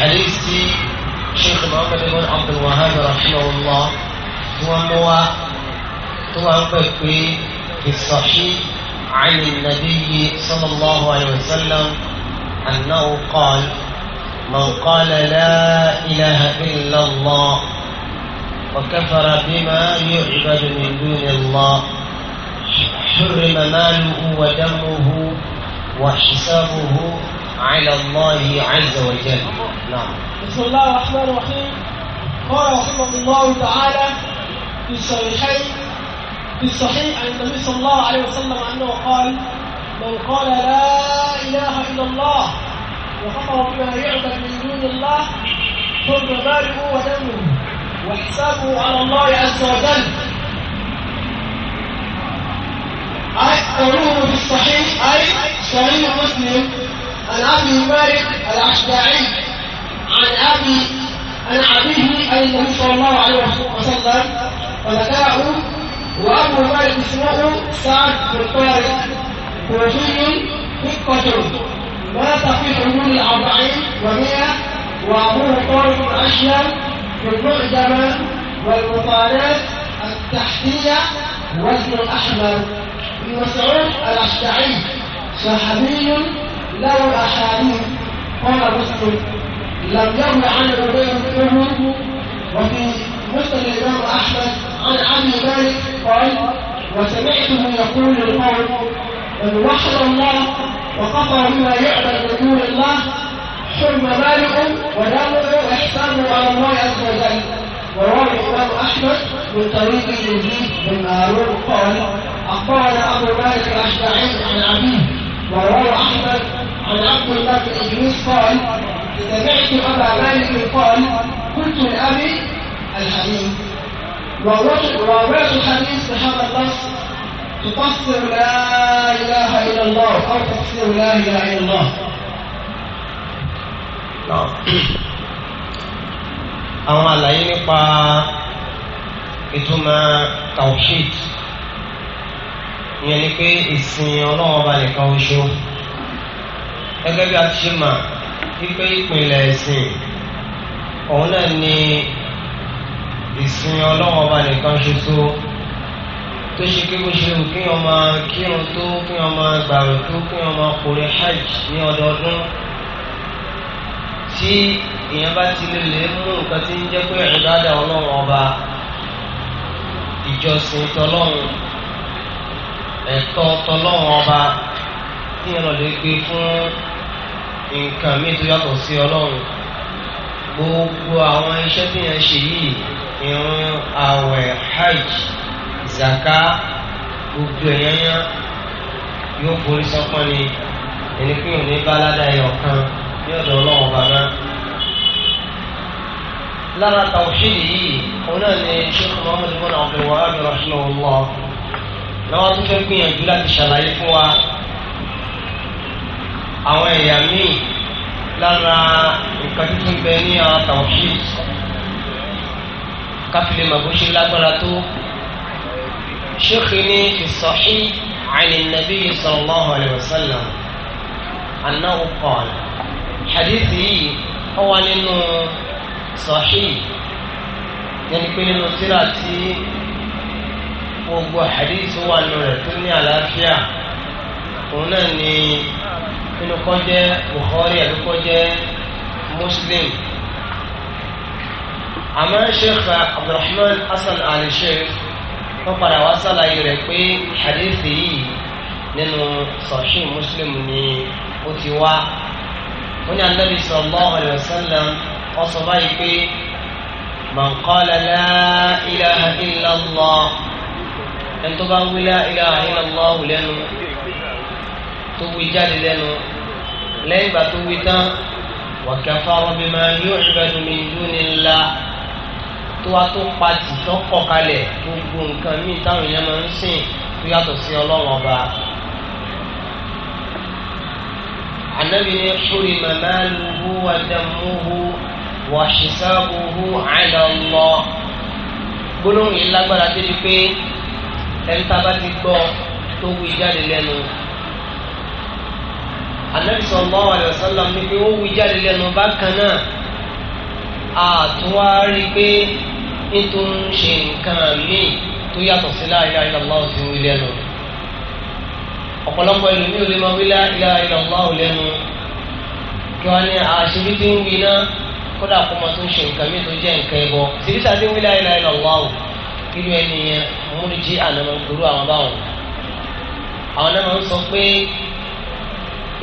hadith tí sheikh muhammed ibn abdul wahab rahimahullah هو wọ́n mú wa tó عن النبي صلى الله عليه وسلم أنه قال من قال لا إله إلا الله وكفر بما يعبد من دون الله حرم ماله ودمه وحسابه على الله عز وجل نعم بسم الله الرحمن الرحيم قال رحمه الله تعالى في الصحيحين في الصحيح عن النبي صلى الله عليه وسلم انه قال من قال لا اله الا الله وكفر بما يعبد من دون الله ثم ماله ودمه وحسابه على الله عز وجل أي في الصحيح أي صحيح مسلم عن أبي مالك الأشجعي عن أبي عن أبيه عن النبي صلى الله عليه وسلم وذكره وأبو مالك اسمه سعد بن طارق كوفي فقه مات في حدود الأربعين ومئة وأبوه طارق في بالمعجمة والمطالات التحتية وزن الأحمر بن مسعود الأشجعي صحابي له أحاديث قال مسلم لم يروي عن الربيع بن وفي مسلم الإمام أحمد عن أبي مالك قال وسمعته يقول للقوم من وحد الله وقطع بما يعمل من دون الله حرم مالك ودمه احسان على الله عز وجل وروى الإمام أحمد من طريق يزيد بن هارون قال أخبرنا أبو مالك الأشجعي عن أبيه ورواه أحمد عن عبد الله بن إدريس قال سمعت أبا مالك قال قلت لأبي الحديث ورواه الحديث بهذا اللفظ تفسر لا إله إلا الله أو تفسر لا إله إلا الله نعم àwọn àlàyé nípa ìtumọ̀ tawhid ìyẹn ni pé ìsìn ọlọ́wọ́ balẹ̀ kan oṣù gẹ́gẹ́ bí a ti ṣe mà wípé ìpìlẹ̀ ẹ̀sìn òun náà ni ìsìn ọlọ́run ọba nìkan ṣoṣo tó ṣe kí ó ṣe kí wọn máa kírun tó kí wọn máa gbàrú tó kí wọn máa kórè hajj ní ọdọọdún tí èèyàn bá ti lè lè mú nǹkan tí ń jẹ́ pé ìbádà ọlọ́run ọba ìjọsìn tọlọ́run ẹ̀tọ́ tọlọ́run ọba tí èèyàn lè gbé fún nǹkan mi tó yàtọ̀ sí ọlọ́run gbogbo àwọn iṣẹ́ tí yẹn ṣe yìí ìrun àwẹ̀ hajj zaka gbogbo ẹ̀yán yán yóò forí sọ́pọ́n ni ẹni pé òní bá ládàá ẹ̀yọ̀ kan ní ọ̀dọ̀ ọlọ́run bàbá lára tàwùsílì yìí òun náà ni sheikh muhammed bin abdul wahab rahimahullah lọ́wọ́ tó fẹ́ gbìyànjú láti ṣàlàyé fún wa àwọn ẹ̀yà míì lára nǹkan tuntun bẹ ní àwọn tàwọ̀ṣì káfílẹ̀ màbúṣe lágbára tó ṣéèkì ní ìsọ̀hí عن النبي صلى الله عليه وسلم أنه قال حديثي هو أنه صحيح yẹn pé nínú tírà tí gbogbo àdéhùn wà nínú rẹ̀ tó ní àlàáfíà òun náà ni inú kọ́ jẹ́ Bukhari àbí kọ́ jẹ́ Muslim àmọ́ sheikh Abdulrahman Hasan Ali sheikh wọ́n padà wá sàlàyé rẹ̀ pé hadithi yìí nínú Sahih Muslim ni ó ti wá wọ́n ní anabi sallallahu alayhi wa sallam wọ́n sọ báyìí pé man qala la ilaha illallah ẹni tó bá wí la ilaha illallah lẹ́nu tó wí jáde lẹ́nu lẹ́yìn ìgbà tó wí tán wa kafara bima yu'badu min dunillah tó wá tó pati tó kọ̀ kalẹ̀ gbogbo nǹkan míì táwọn èèyàn máa ń sìn tó yàtọ̀ sí ọlọ́run ọba. anabi ni hurima maluhu wa damuhu wa hisabuhu gbólóhùn yìí lágbára débi pé ẹni bá ti gbọ́ tó wí jáde lẹ́nu anabi sallallahu alaihi wasallam ní pé ó wí jáde lẹ́nu bákan náà àtúwárí pé nítorí ń ṣe nǹkan míì tó yàtọ̀ sí la ilaha illallah ti wí lẹ́nu ọ̀pọ̀lọpọ̀ ẹlòmí ò lè máa wí la ilaha illallah lẹ́nu kí wọ́n ní àṣírí tí ń wí náà kódà kó máa tún ṣe nǹkan míì tó jẹ́ nǹkan ẹbọ síríṣà tí ń wí la ilaha illallah irú ẹni yẹn múlùjí ànàmọ́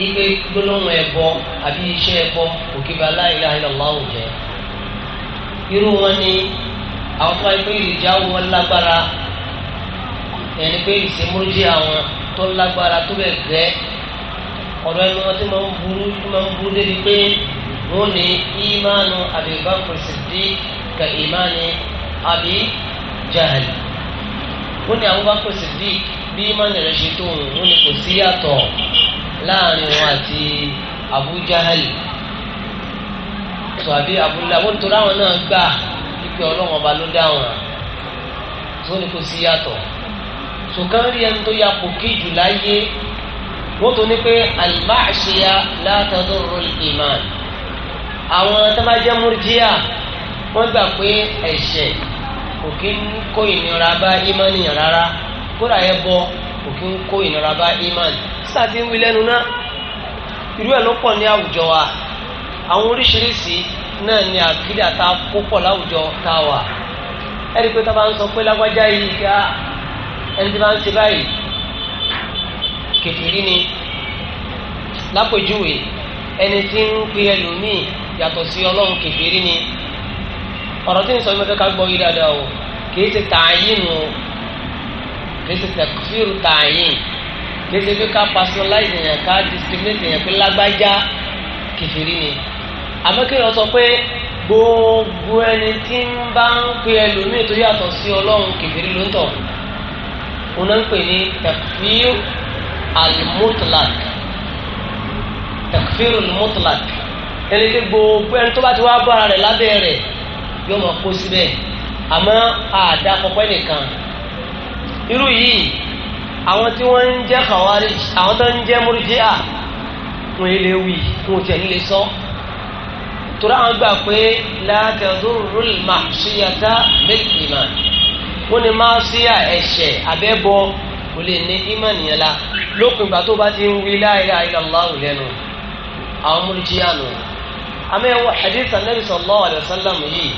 ipe gbólóhùn ẹbọ àbí iṣẹ́ ẹbọ òkèbà la ilaha illallah jẹ irú wọn ni àwọn tó wáyé pé ìrìjà wọn lágbára ẹni pé ìsèmúrúdì àwọn tó lágbára tó bẹ gẹ ọ̀rọ̀ ẹni wọn ti máa ń burú ti máa ń burú débi pé wọn ní ìmánu Abi Bakr Siddiq ìmánu Abi Jahl wọn ní Abubakar Siddiq bí ìmánu rẹ ṣe tó wọn ní kò sí yàtọ̀ láàrin wọn àti Abu Jahal sọ àbí abúlé wọn tó láwọn náà gbà pípẹ́ ọlọ́wọ́n ọba ló dá wọn tó ní kò sí yàtọ̀ sọ̀kan rí ẹni tó ya kò kí jù láyé wọ́n tó ní pé al-ma'siya la tadurru àwọn tó bá wọ́n gbà pé ẹ̀ṣẹ̀ kò kí ń kó ìnira bá ìmánìyàn rárá kódà yẹ bọ́ kò kí ń kó ìnira bá iman sáàtì ń wí lẹ́nu náà irú ẹ̀ ló pọ̀ ní àwùjọ wa àwọn oríṣiríṣi náà ni àkídà tá púpọ̀ láwùjọ tá a wà ẹ̀rí pé tá ń sọ pé lágbájá yìí ká ẹni tí bá ń ṣe báyìí kèfèrí ni lápèjúwe ẹni tí ń pe ẹlòmíì yàtọ̀ sí ọlọ́run kèfèrí ni ọ̀rọ̀ tí ń sọ yìí mo ká gbọ́ yìí dáadáa o kì í ṣe tààyè nù o léṣe tẹkfíìrù tààyìn léṣe pé ká personalize yẹn ká discriminate yẹn pé lágbájá kìfìrí ni àmọ́ kí wọ́n sọ pé gbogbo ẹni tí ń bá ń pe ẹlòmíì tó yàtọ̀ sí ọlọ́run kìfìrí ló ń tọ̀ wọn náà ń pè ní tẹkfíìrù almutlak tẹkfíìrù almutlak ẹni tí gbogbo ẹni tó bá ti wá bọ́ ara rẹ̀ lábẹ́ rẹ̀ yóò máa kó síbẹ̀ àmọ́ àdá kọ́kọ́ nìkan irú yìí àwọn tí wọ́n ń jẹ́ kàwárí àwọn tó ń jẹ́ múrùjíà wọn ilé wì wọn tẹ̀ nílé sọ torí àwọn gbà pé látẹ̀dú rúlmà síyàtà bẹ́ẹ̀kìmà wọn ni máa síyà ẹ̀ṣẹ̀ abẹ́bọ kò lè ní ìmọ̀nìyàn la lópin ìgbà tó bá ti ń wí la ilaha illallah lẹ́nu àwọn múrùjíà nù àmì ẹ̀wọ̀ hadith anabi sallallahu alayhi wa sallam yìí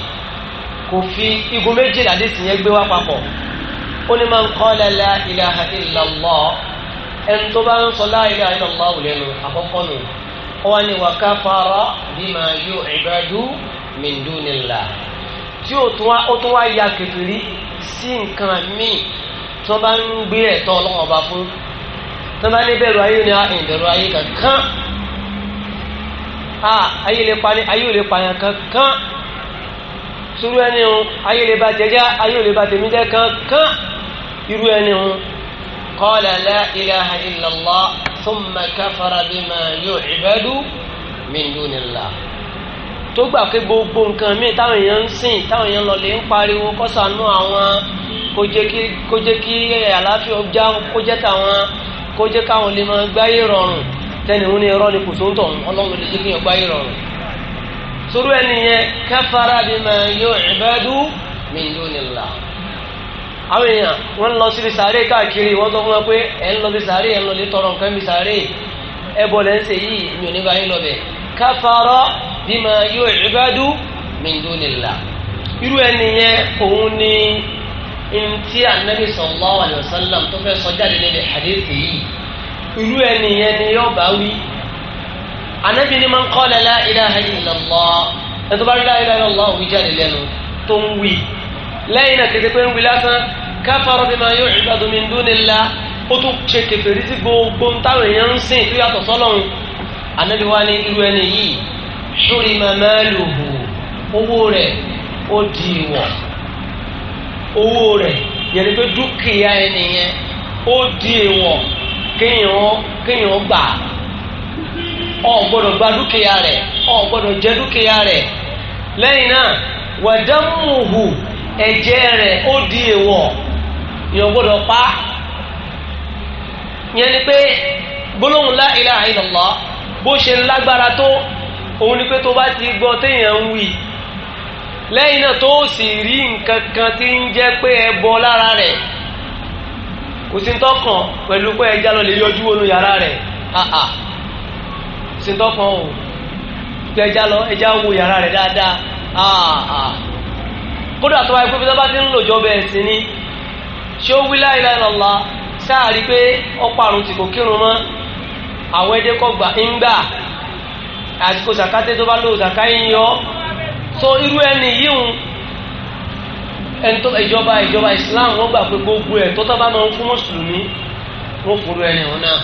kò fi igun méjìlá dé sí yẹn gbé wá papọ̀ ó ní man qala la ilaha illallah ẹni tó bá ń sọ la ilaha illallah wò lẹ́nu àkọ́kọ́ nù ó wá ní wa kafara bima yu'badu min dunillah tí ó tún wá ya kẹfìrí sí nǹkan míì tó bá ń gbé ẹ̀tọ́ ọlọ́wọ́n ọba fún tó bá ní bẹ̀rù ayé ni ìbẹ̀rù ayé kankan ayé ò lè pààyàn kankan sùúrù ẹni o ayé lè ba jẹjẹ ayé ò lè ba tèmi jẹ kankan irú ẹni hun qala la ilaha illallah thumma kafara bima yu'badu min dunillah tó gbà pé gbogbo nǹkan míì táwọn èèyàn ń sìn táwọn èèyàn lọ lè ń pariwo kọ́sànú àwọn kó jẹ́ kí àlàáfíà ọjà kó jẹ́ tàwọn kó jẹ́ káwọn lè máa gbáyé rọrùn tẹ́ni òun ni irọ́ ni kò tó ọlọ́run lè jẹ́ kí èèyàn gbáyé rọrùn. sórí ẹni yẹn kafara bima yu'badu min dunillah àwọn èèyàn wọ́n ń lọ síbi sàárè káàkiri wọ́n sọ fún wọn pé ẹ̀ ń lọ sí sàárè ẹ̀ ń lọ lè tọrọ nǹkan bí sàárè ẹbọ lẹ́ ń ṣe yìí mi ò ní bá yín lọ bẹ̀ káfàárọ̀ bima yu'badu min dunillah irú ẹni yẹn òun ni ntí anabi sallallahu alayhi wa sallam tó fẹ́ sọ jáde níbi hadith yìí irú ẹni yẹn ni yóò bá wí anabi ni man qala la ilaha illallah ẹ̀ tó bá rí la ilaha illallah òun jáde lẹ́nu tó ń wí. lẹ́yìn náà kété pé ń wí lásán kafara bima yu'badu min dunillah ó tún ṣe sí gbogbo táwọn èèyàn ń sìn tó yàtọ̀ sọ́lọ́run ànábi ní irú ẹni yìí owó rẹ̀ ó di ìwọ̀ owó rẹ̀ yẹn pé dúkìá ẹni yẹn ó di ìwọ̀ kéèyàn gbà ọ gbọ́dọ̀ gba dúkìá rẹ̀ ọ gbọ́dọ̀ dúkìá rẹ̀ lẹ́yìn náà ẹ̀jẹ̀ rẹ̀ ó di èèwọ̀ yóò gbọ́dọ̀ pa yẹn ni pé gbólóhùn la ilaha bó ṣe lágbára tó òun ni pé tó bá ti gbọ́ téèyàn ń wí lẹ́yìn náà tó sì rí nǹkan kan tí ń jẹ́ pé ẹ bọ lára rẹ̀ kò sí tọkàn pẹ̀lú pé ẹja lọ lè yọjú wọnú yàrá rẹ̀ kò sí tọkàn o pé ẹja lọ ẹja wo yàrá rẹ̀ dáadáa kódà tó wáyé pé bíjọba ti ń lò jọ bẹ́ẹ̀ sí ni ṣé ó wí la ilaha illallah sáàrí pé ọ̀pọ̀ àrùn tí kò kírun mọ́ àwọn ẹdẹ kọ́ gbà ń gbà àsìkò sàkátẹ́ tó bá lò sàkáyé ń yọ so irú ẹni yíhun ẹnitọ́ ìjọba ìjọba Islam wọ́n gbà pé gbogbo ẹ̀ tó tọ́ba máa ń fún mùsùlùmí wọ́n fòrò ẹni wọn náà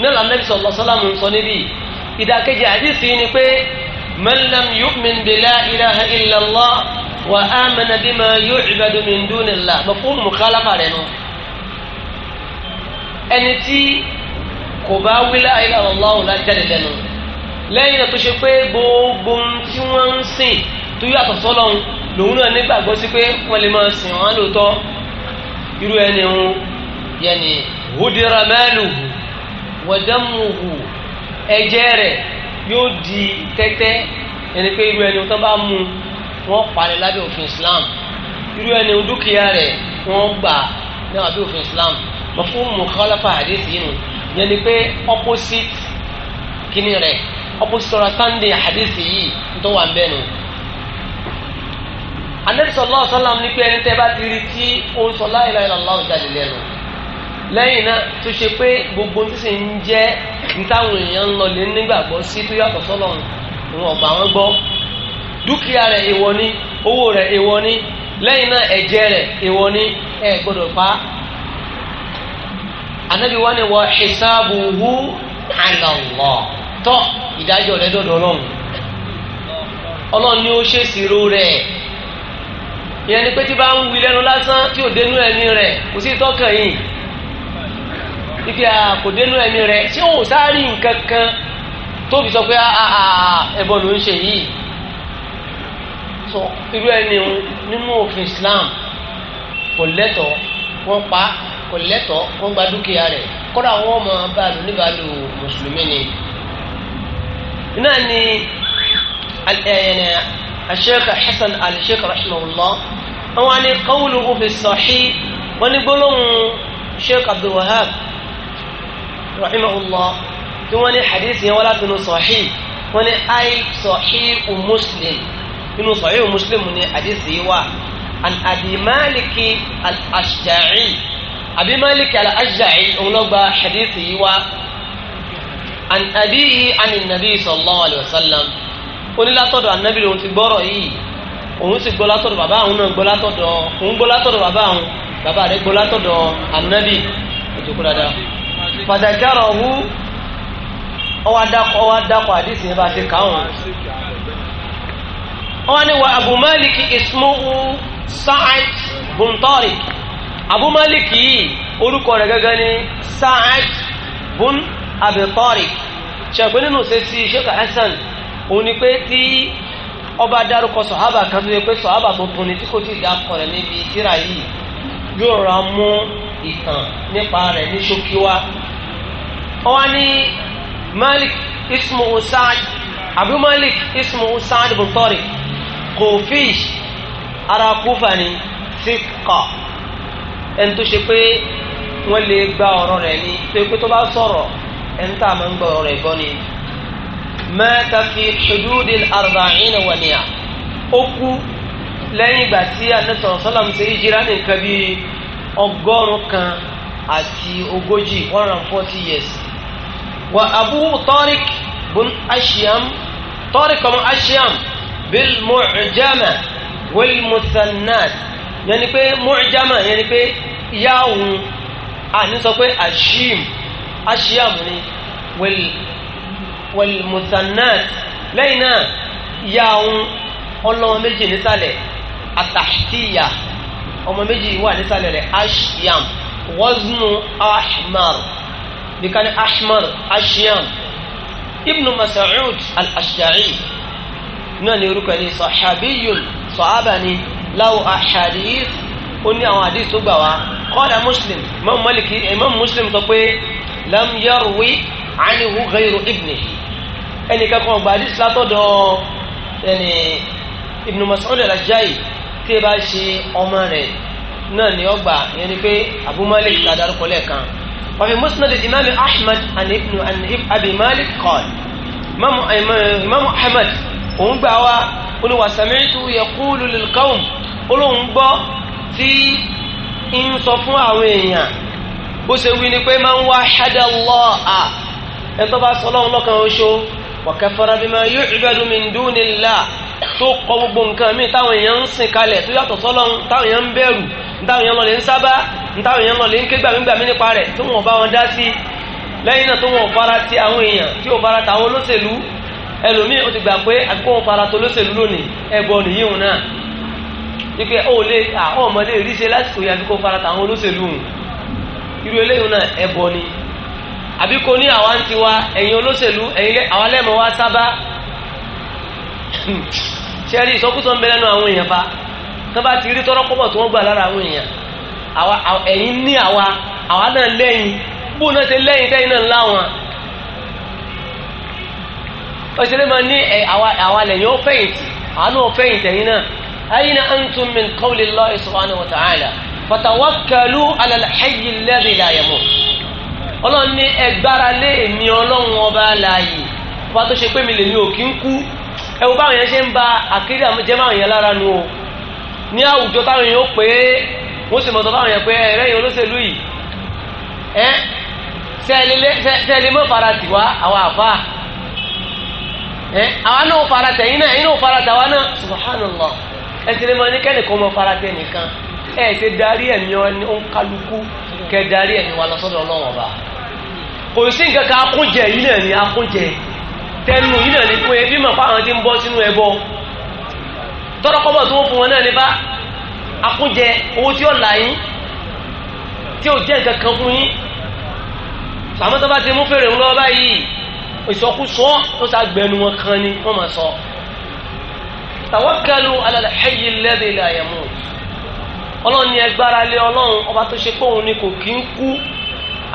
nílò Ànábì sallallahu alaihi ń sọ níbí ìdàkejì àdìsí ni pé man lam yu'min bi la wà á mẹ́nà bí ma yóò ìbàdó mi ń dún nílá mọ̀ fún mùkálàfà rẹ̀ nù. ẹni tí kò bá wílé ayélujára ọlọ́run láti jáde lẹ́nu lẹ́yìn náà tó ṣe pé gbogbo tí wọ́n ń sìn tó yàtọ̀ sọ́lọ́run lòun náà nígbàgbọ́ sí pé wọ́n lè máa sìn wọ́n lóòótọ́ irú ẹni ń yẹni hudira mẹ́lùhù wọ́dẹ́mùhù ẹ̀jẹ̀ rẹ̀ yóò di tẹ́tẹ́ ẹni pé irú ẹni tó bá mú un wọ́n parí lábẹ́ òfin islam irú ẹni dúkìá rẹ̀ wọ́n gbà ní abẹ́ òfin islam mafhum mukhalafa hadith yìí nù yẹn ni pé opposite kìíní rẹ̀ opposite ọ̀rọ̀ sunday hadith yìí tó wà ń bẹ́ẹ̀ nù. anabi sallallahu alaihi wasallam ní pé ẹni tẹ́ bá ti rí tí ó ń sọ la ilaha illallah jáde lẹ́nu lẹ́yìn náà tó ṣe pé gbogbo tí sì ń jẹ́ ní táwọn èèyàn ń lọ lé nígbàgbọ́ sí tó yàtọ̀ sọ́lọ́run ìwọ̀n ọ̀gbà wọn gbọ́ dúkìá rẹ̀ èèwọ̀ ni owó rẹ̀ èèwọ̀ ni lẹ́yìn náà ẹ̀jẹ̀ rẹ̀ èèwọ̀ ni ẹ gbọ́dọ̀ pa á. anabi wa ni wa hisabuhu ala Allah tọ́ ìdájọ́ rẹ̀ dọ̀dọ̀ ọlọ́run ọlọ́run ni ó ṣèṣirò rẹ̀ ìyẹn ni pé tí bá ń wí lẹ́nu lásán tí ò dénú ẹ̀mí rẹ̀ kò sí tọ́kàn yìí ike a dénú ẹ̀mí rẹ̀ ṣé òun sáré nǹkan kan tó fi sọ pé ah, ah, ah, ẹbọ ló ń ṣe yìí sọ irú ẹni òun nínú òfin Islam kò lẹ́tọ̀ wọ́n pa kò lẹ́tọ̀ wọ́n gba dúkìá rẹ̀ kọ́dà wọ́n mọ báàlù níbàálù mùsùlùmí ni. náà ni Sheikh Hasan al-Sheikh rahimahullah àwọn ni qawluhu fi sahih wọ́n ní gbólóhùn Sheikh Abdul Wahab rahimahullah tí wọ́n ní hadith yẹn wọ́n láti nu wọ́n ní ayé sahih Muslim nínú sọ̀yẹ́ muslim ni àdìsí wa an abimaliki al-ashja'i abimaliki al-ashja'i òun ló gba àdìsí wa an abiyi ani nabi sallallahu alayhi wa sallam onílátọ̀dọ̀ anabi lòun ti gbọ́rọ̀ yìí òun sì gbọ́ látọ̀dọ̀ bàbá àwọn náà gbọ́ látọ̀dọ̀ òun gbọ́ látọ̀dọ̀ bàbá àwọn bàbá rẹ̀ gbọ́ látọ̀dọ̀ anabi ìjókòó dáadáa fàdàkàrọ̀ hu ọwọ́ adakọ̀ àdìsí yẹn bá ti kà wọ́n ní wa abu maliki ismuhu sa'ad bun tariq abu maliki yìí orúkọ rẹ̀ gẹ́gẹ́ ní sa'ad bun abi tariq ṣẹ̀gbẹ́ nínú ṣe sí sheikh hasan òun ni pé tí ọba dárúkọ sọ̀hábà kan tó yẹ pé sọ̀hábà tuntun ni tí kò tí ì dákọ̀ rẹ̀ níbi tíra yìí yóò ra mú ìtàn nípa rẹ̀ ní ṣókí wá wọ́n ní malik ismuhu sa'ad abu malik ismuhu sa'ad bun tariq kòfíṣ ara kúfà ni síkà ẹni tó ṣe pé wọ́n lè gba ọ̀rọ̀ rẹ̀ ni tó pé tó bá sọ̀rọ̀ ẹni tá a máa ń gba ọ̀rọ̀ rẹ̀ gbọ́ ni. mẹ́ta fi ṣojúdi arba'in wàníyà ó kú lẹ́yìn ìgbà tí anẹ́sọ̀rọ̀ sọ́làm ṣe é jira nìkan bí ọgọ́rùn kan àti ogójì one hundred and forty years. wà Abu Tariq bun Ashyam Tariq ọmọ Ashyam bilmu'jama walmuthannat yẹn ni pé mu'jama yẹn ni pé yáwùn àní sọ pé ashim ashiam ni walmuthannat lẹ́yìn náà yáwùn ọlọ́mọ méjì nísàlẹ̀ atahtiya ọmọ méjì wà nísàlẹ̀ rẹ̀ ashiam waznu ahmar bí ká ahmar ashiam ibnu mas'ud al-ashja'i náà ní orúkọ ẹni sọ̀hábíyùn sọ̀hábà ni láwọ̀ àhàdìs ó ní àwọn àdìs tó gbà wá kọ́dà muslim imam maliki imam muslim sọ pé lam yarwi anihu ghayru ibnihi ẹnì kankan gba àdìs látọ̀dọ̀ ẹni ibnu mas'ud al-ajayi tí ẹ bá ṣe ọmọ rẹ̀ náà ni ó yẹn ni pé abu malik ta dárúkọ lẹ́ẹ̀kan وفي مسند الإمام أحمد عن ابن عن أبي مالك قال إمام إمام أحمد òun gbà wá olùwà sàmìtú yaqulu lil qawm olóhùn gbọ́ tí ń sọ fún àwọn èèyàn bó ṣe wí ni pé máa ń wá ṣáda lọ́ọ̀à ẹ tó bá sọ lọ́hùn lọ́kàn oṣó wa kafara bima yu'badu min dunillah tó kọ gbogbo nǹkan míì táwọn èèyàn ń sìn kalẹ̀ tó yàtọ̀ sọ́lọ́hùn táwọn èèyàn ń bẹ̀rù ntáwọn èèyàn lọ ń sábà ntáwọn èèyàn lọ ń ké gbàmígbàmí nípa rẹ̀ tó wọn bá wọn dá sí lẹ́yìn náà tó wọn fara ti àwọn èèyàn tí ò fara tàwọn olóṣèlú ẹlòmíì ó ti gbà pé àkókò fara tó lóṣèlú lónìí ẹbọ nìyí òun náà wípé ó lè àwọn ọmọdé rí ṣe lásìkò yìí àbíkó fara tàwọn olóṣèlú òun irú eléyìí náà ẹbọ ni àbíkó ní àwa ń tiwa ẹ̀yin olóṣèlú ẹ̀yin àwa lẹ́mọ̀ wá sábà ṣẹ́rí ìsọkúsọ ń bẹ lẹ́nu àwọn èèyàn fa tán bá ti rí tọ́rọ́ kọ́bọ̀ tí wọ́n gbà lára àwọn èèyàn ẹ̀yin ní àwa àwa náà lẹ́yìn bóun ṣe lẹ́yìn tẹ́yìn náà láwọn òṣèré máa ní àwa lẹ́yìn ó fẹ̀yìntì àánú ó fẹ̀yìntì ẹ̀yìn náà ayé na antum min qawli Allahi subhanahu wa ta'ala fatawakkalu ala al-hayyi alladhi la yamut ọlọ́run ní ẹgbára lé èmi ọlọ́run ọba láàyè ọba tó ṣe pé mi lè ní òkín kú ẹwọ báwọn yẹn ṣe ń ba àkírí àmújẹ báwọn yẹn lára nu o ní àwùjọ táwọn yẹn ó pé wọ́n sì mọ̀tọ́ báwọn yẹn pé ẹ̀rẹ́ yẹn olóṣèlú yìí ẹ́ sẹ́ẹ̀lì mọ́ fara tiwa àwọn àfáà Eh, àwa náà fara tẹ̀ náà yín náà fara tẹ̀ àwa náà subhanallah ẹ ti lè mọ ẹnikẹ́ni kọ́ mọ fara nìkan ẹ ṣe darí ẹ̀mí ọ̀nkálukú kẹ darí ẹ̀mí wa lọ́sọ́dọ̀ ọlọ́wọ́n ọba kò sí nǹkan kan akúnjẹ yìí náà akúnjẹ tẹnu yìí náà ni pé ebi mọ̀ fáwọn ti ń bọ́ sínú ẹbọ tó ń fún wọn náà ní bá akúnjẹ owó tí ó là yín tí ó nǹkan kan fún yín ìsọkúsọ ó sàgbẹnu wọn kan ni wọ́n máa sọ tawakkalu ala al-hayy alladhi la yamut ọlọ́run ni ẹgbára lé ọlọ́run ọba tó ṣe pé òun ni kò kí ń kú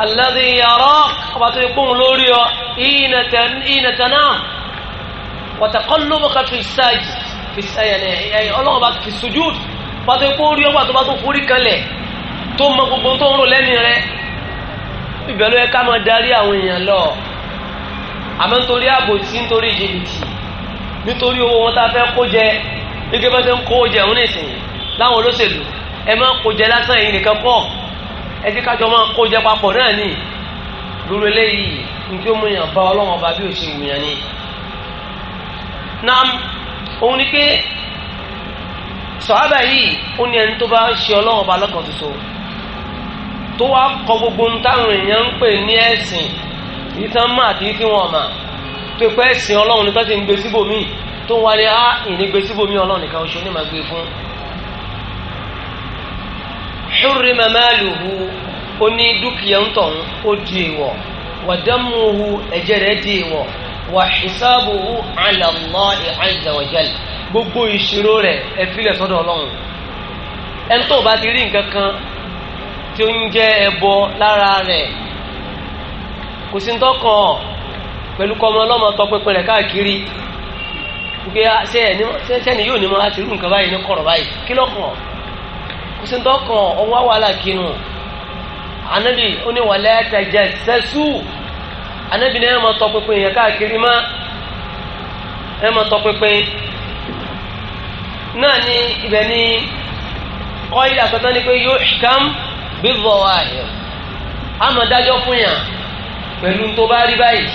alladhi yarak ọba tó ṣe pé òun lórí ọ ìyìnà tanam wa taqallubaka fi sajid ọlọ́run ọba fi sujud ọba tó ṣe pé orí ọba tó bá tó forí kalẹ̀ tó mọ gbogbo tó ń rò lẹ́nu rẹ ìbẹ̀rù ẹ ká máa darí àwọn èèyàn lọ àmọ́ nítorí ààbò tí nítorí jìbìtì nítorí owó wọn tá a fẹ́ kó jẹ gẹ́gẹ́ bá ṣe ń kó jẹ òun nìsín láwọn olóṣèlú ẹ máa kó jẹ lásán yìí nìkan pọ̀ ẹ ti kájọ máa kó jẹ papọ̀ náà nì lórí eléyìí nítorí mo yàn bá ọlọ́run ọba bí ò ṣe wù yàn ni. naam òun ni pé sọ̀hábà yìí ó ní ẹni tó bá ṣe ọlọ́run ọba lọ́kàn tuntun tó wá kọ gbogbo táwọn èèyàn ń pè ní ẹ̀sìn yìí tán mọ̀ àti yìí tí wọ́n mọ̀ tó pẹ́ sìn ọlọ́run nìkan ti ń gbé síbòmíì tó ń wáyé á ìní gbé síbòmíì ọlọ́run nìkan oṣù ní màá fún. ṣúrí mamaluhu ó ní dúkìá ń tọ̀hún ó di èèwọ̀ wàdámùhu ẹ̀jẹ̀ rẹ̀ di èèwọ̀ wà hisabuhu ala Allahi azza gbogbo ìṣirò rẹ̀ ẹ filẹ̀ sọ́dọ̀ ọlọ́run ẹni bá ti rí nǹkan kan tí ó ń jẹ́ ẹbọ lára rẹ̀ kò sí ntọ́kọ̀ pẹ̀lú kọmọ ọlọ́mọ tọpinpin rẹ̀ káàkiri gbé sẹ́ni yóò ní mọ́ láti rú nǹkan báyìí ní kọ̀rọ̀ báyìí kí lọ́kàn kò sí ọwọ́ wàhálà kinu anabi oníwàlẹ́ sẹ́sù anabi ní yẹn káàkiri má náà ni ibẹ̀ ni kọ́ ilé àkọ́tán ni pé yóò ṣìkàm pẹ̀lú tó bá rí báyìí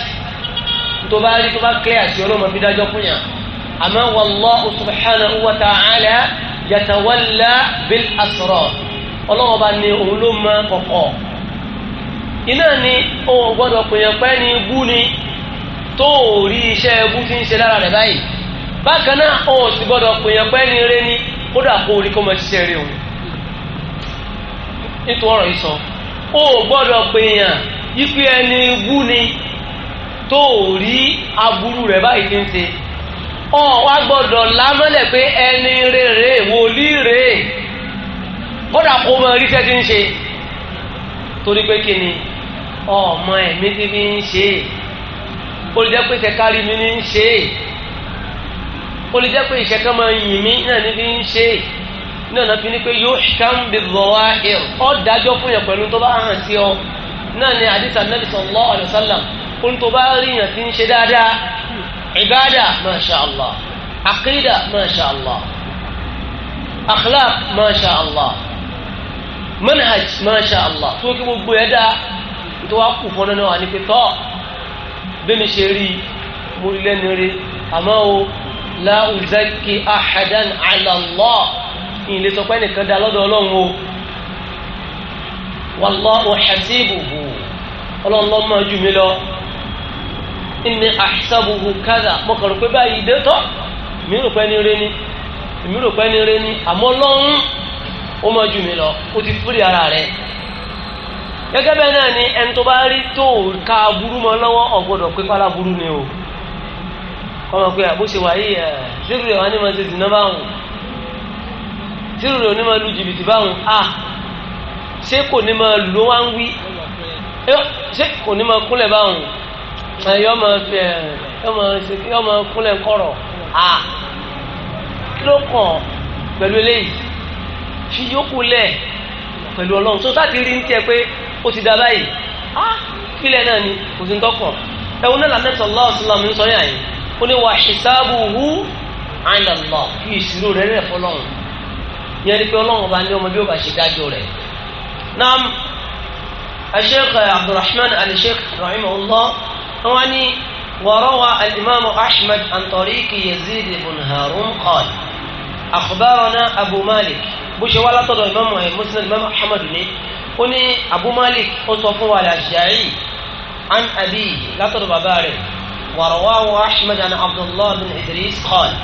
tó bá rí tó bá kílẹ̀ àti ọlọ́mọ fi dájọ́ fún yàn àmọ́ wallahu subhanahu wa ta'ala yatawalla bil asrar ọlọ́wọ́ bá ní òun ló mọ kọ̀kọ̀ iná ni òun gbọ́dọ̀ pèèyàn pẹ́ ní bú ni tó rí iṣẹ́ ẹbú fi ń ṣe lára rẹ̀ báyìí bákan náà òun sì gbọ́dọ̀ pèèyàn pẹ́ ní eré ní kódà kó orí kó mọ ṣiṣẹ́ rẹ̀ òun nítorí yìí sọ òun gbọ́dọ̀ pèèyàn ipe ẹni wú ni tó rí aburú rẹ̀ báyìí ti ń ṣe ọ̀ wá gbọ́dọ̀ lámọ́lẹ̀ pé ẹni rere wòlíì rèé kódà kó mọ rí sẹ́tí ń ṣe torí pé kí ni ọmọ ẹ̀mí tí fi ń ṣe ó lè jẹ́ pé ìṣẹ̀kárí mi ní ń ṣe ó lè jẹ́ pé ìṣẹ̀kan máa yìn mí náà ní fi ń ṣe náà náà fi ní pé yóò ṣàn bí lọ́wọ́ ẹ̀ ọ́ dájọ́ fún yẹn pẹ̀lú tó bá hàn sí ọ náà ni àdìsá nàbì sallallahu alaihi wasallam ohun tó bá rí yàn ti ń ṣe dáadáa ìbáàdà masha allah àkídà masha allah akhlaq masha allah manhaj masha allah tó kí gbogbo ẹ̀ dáa tó wá kù fún ọ́nà wà ní pé tọ́ bẹ́ẹ̀ ṣe rí mo rí lẹ́nu rí àmọ́ o la uzakki ahadan ala allah ìyìn lè dá lọ́dọ̀ ọlọ́run o wallahu hasibuhu ọlọ́lọ́ mọ̀ jù mí lọ inni ahsabuhu kadha mo kàn rò pé báyìí dé tọ́ mi rò pé ní rẹ ni mi rò pé ní rẹ ni àmọ́ lọ́hún ó mọ̀ jù mí lọ ó ti fúri ara rẹ̀ gẹ́gẹ́ bẹ́ẹ̀ náà ni ẹni tó bá rí tó ka burú mọ́ lọ́wọ́ ọ̀gbọ́dọ̀ pé pálá burú ni o ọmọ pé àbó ṣe wáyé ẹ̀ sírù rẹ̀ wá ní ma ṣe dùnà báwọn sírù rẹ̀ ò ní ma lu jìbìtì báwọn a ṣé kò ní máa lù ló wá ń wí ṣé kò ní máa kúnlẹ̀ báwọn yọ máa fi ẹ̀ yọ máa kúnlẹ̀ kọ̀rọ̀ à kí ló kàn pẹ̀lú eléyìí fi yókù lẹ̀ pẹ̀lú ọlọ́run tó sáà ti rí ní tiẹ̀ pé ó ti da báyìí á kílẹ̀ náà ni kò sí ń tọkàn ẹ̀wọ̀n náà lànà sallallahu alaihi wasallam ń sọ yàn yìí ó ní wa hisabuhu ala Allah kí ìṣirò rẹ̀ rẹ̀ fọlọ́run yẹn ni pé ọlọ́run ọba ní ọmọ bí ṣe dájọ́ rẹ̀ نعم الشيخ عبد الرحمن الشيخ رحمه الله واني وروى الإمام أحمد عن طريق يزيد بن هارون قال أخبرنا أبو مالك بوش ولا تدعو الإمام مسلم الإمام أحمد أني أبو مالك أصفه على الشعي عن أبيه لا تدعو بارك ورواه أحمد عن عبد الله بن إدريس قال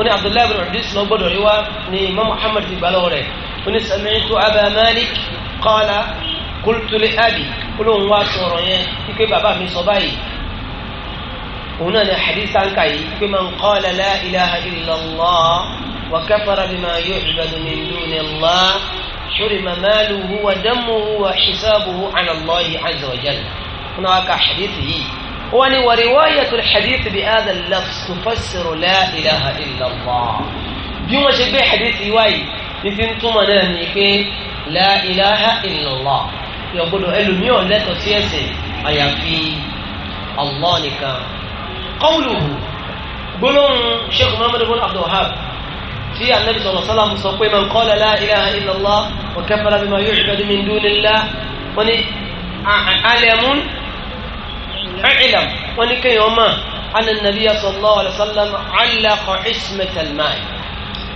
أني عبد الله بن إدريس لو بدعوا ني إمام أحمد في بلوره قل سمعت أبا مالك قال قلت لأبي قل هو سوريا كيف بابا من صباي هنا حديث عن كي من قال لا إله إلا الله وكفر بما يعبد من دون الله حرم ماله ودمه وحسابه على الله عز وجل هناك حديثه ورواية الحديث بهذا اللفظ تفسر لا إله إلا الله bí wọ́n ṣe gbé hadith yìí wáyé fífi ń túmọ̀ náà ni pé la ilaha illallah yóò gbọdọ̀ ẹlòmíràn lẹ́tọ̀ọ́ sí ẹ̀sìn àyàfi Allah nìkan. qawluhu gbólóhùn sheikh muhammad ibn abdul wahab tí anabi sallallahu alaihi wasallam sọ pé man qala la ilaha illallah wa kafara bima yu'badu min dunillah wọ́n ní alẹ́mún ẹ̀ẹ́lẹ̀m wọ́n ní kéèyàn mọ̀ anna nabiyya sallallahu alaihi wasallam ma'i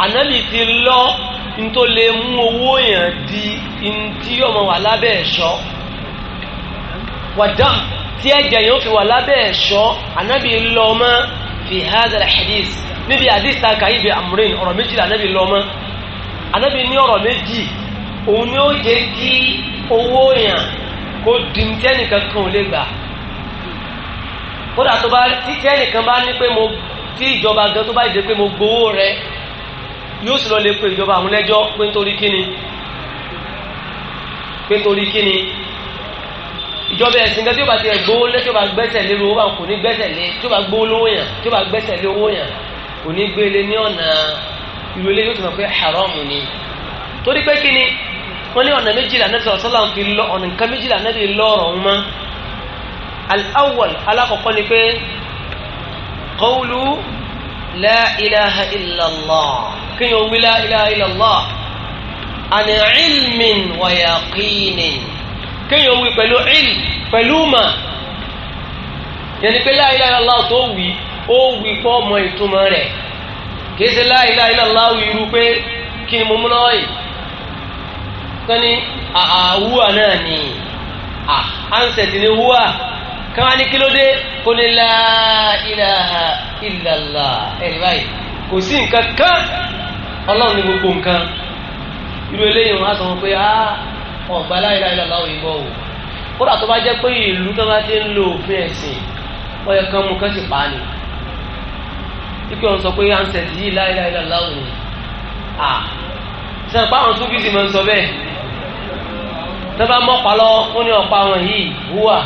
ànábì ti lọ ntó lè mú owó yẹn di ntí ọmọ wà lábẹ́ ẹ̀ṣọ́ wàdà tí ẹ̀jẹ̀ yẹn fi wà lábẹ́ ẹ̀ṣọ́ ànábì lọ mọ́ fi hadha al-hadith níbi hadith ta kàyí bi amúrin ọ̀rọ̀ méjì la ànábì lọ mọ́ ànábì ní ọ̀rọ̀ méjì òun ni ó jẹ́ kí owó yẹn kó di ntí ẹnìkan kan ò lè gbà kódà tó bá títí ẹnìkan bá ní pé mo tí ìjọba gan tó bá jẹ́ pé mo gbowó rẹ̀ yóò sì lọ lè pe ìjọba àwọn lẹ́jọ́ pé nítorí kíni pé nítorí kíni ìjọba ẹ̀sìn gan tí ó bá ti gbówó lé tí ó bá gbẹ́sẹ̀ lé owó àwọn kò ní gbẹ́sẹ̀ lé tí ó bá gbówó lówó yàn tí ó bá gbẹ́sẹ̀ lé owó yàn kò ní gbélé ní ọ̀nà ìlú ilé yóò ti mọ̀ pé haramu ni torí pé kíni wọ́n ní ọ̀nà méjìlá náà sọ̀rọ̀ sọ́lá fi lọ ọ̀nà nǹkan méjìlá náà fi lọ́ọ̀rọ̀ ń mọ́ alákọ̀ọ́kọ́ ni pé qawlu la ilaha illallah kínyìn wí la ilaha illallah àní ilmin wa yaqinin kínyìn wí pẹ̀lú il pẹ̀lú mà yẹnni pé la ilaha illallah tó wí ó wí pọ́ mọ ìtumọ̀ rẹ̀ kìí ṣe la ilaha illallah wí irú pé kí ni mo múná yìí sani àwùwà náà ni ansẹ̀tì ni wúwà káwá ní kí ló ní la ilaha illallah ẹ̀rí báyìí kò sí nǹkan kan ọlọ́run ní gbogbo nǹkan irú eléyìí wọn á sọ wọn pé á ọ̀gbà láìláì lọ́la òyìnbó o kódà tó bá jẹ́ pé ìlú tó bá ti ń lo òfin ẹ̀sìn wọ́n yẹ kán mú kán sì pa ni ipe wọn sọ pé ansẹ̀tì yìí láìláì lọ́la òyìn à sẹ́n pa àwọn súnkìsì máa ń sọ bẹ́ẹ̀ tó bá mọ́pa lọ ó ní ọ̀pá wọn yìí wúwà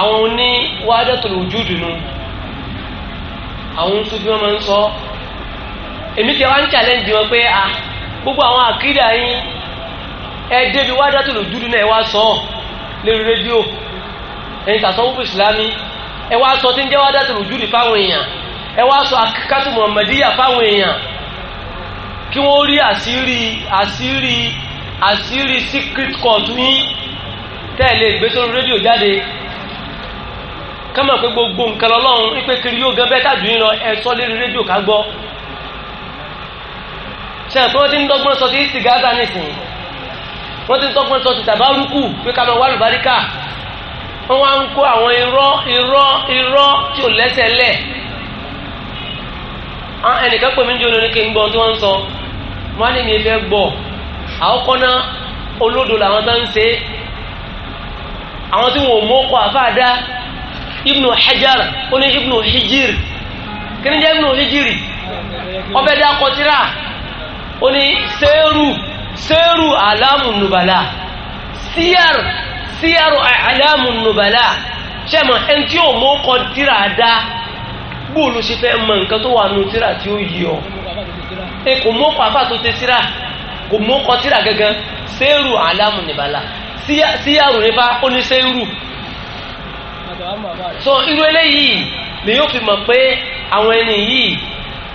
àwọn oní tó lò júdùnú àwọn súnkì máa ń sọ èmi tí wọ́n ń challenge wọn pé ah gbogbo àwọn àkídà yín ẹ débi wá dátò lò dúdú náà ẹ wá sọ lórí rédíò ẹ̀yin tàṣọ wúbù ìsìlámì ẹ wá sọ tí ń jẹ́ wá dátò lò dúdú fáwọn èèyàn ẹ wá sọ akíkátù mọ̀mọ́díyà fáwọn èèyàn kí wọ́n rí àṣírí àṣírí àṣírí secret court yín tẹ́lẹ̀ gbé sórí rédíò jáde kọ́mọ̀ pé gbogbo nǹkan lọ́lọ́run wípé kiri yóò gan bẹ́ẹ̀ tàbí yín ẹ sọ lórí rédíò ká gbọ́ sẹ́yìn pé wọ́n ti ń dọ́gbọ́n sọ ti ìsìgáàtà nìsín wọ́n ti ń dọ́gbọ́n sọ ti tàbárùkù pé ká máa wá lùbáríkà wọ́n wá ń kó àwọn irọ́ irọ́ irọ́ tí ò lẹ́sẹ̀ lẹ̀ ẹnìkan pè mí ní olórí kí n gbọ́ tí wọ́n ń sọ wọ́n á ní mi fẹ́ gbọ́ àkọ́kọ́ náà olódo làwọn tó ń ṣe àwọn tí wọn ò mọ́kọ́ àfáàdá ibnu hajar ó ní ibnu hijiri. kí ni jẹ́ ibnu hijiri ọbẹ̀ dá kọtíra ó ní sẹ́rù sẹ́rù àlámù nùbàlà síyàrù síyàrù àlámù nùbàlà ṣẹ́mọ̀ ẹni tí ò mọ́ kọ tíra dá bóòlù ṣe fẹ́ mọ nǹkan tó wà nù tíra tí ó yí ọ ẹ kò mọ́ kọ afá tó ti tíra kò mọ́ kọ tíra gangan sẹ́rù àlámù síyàrù nípa ó ní sẹ́rù so irú eléyìí lè yóò fi mọ̀ pé àwọn ẹni yìí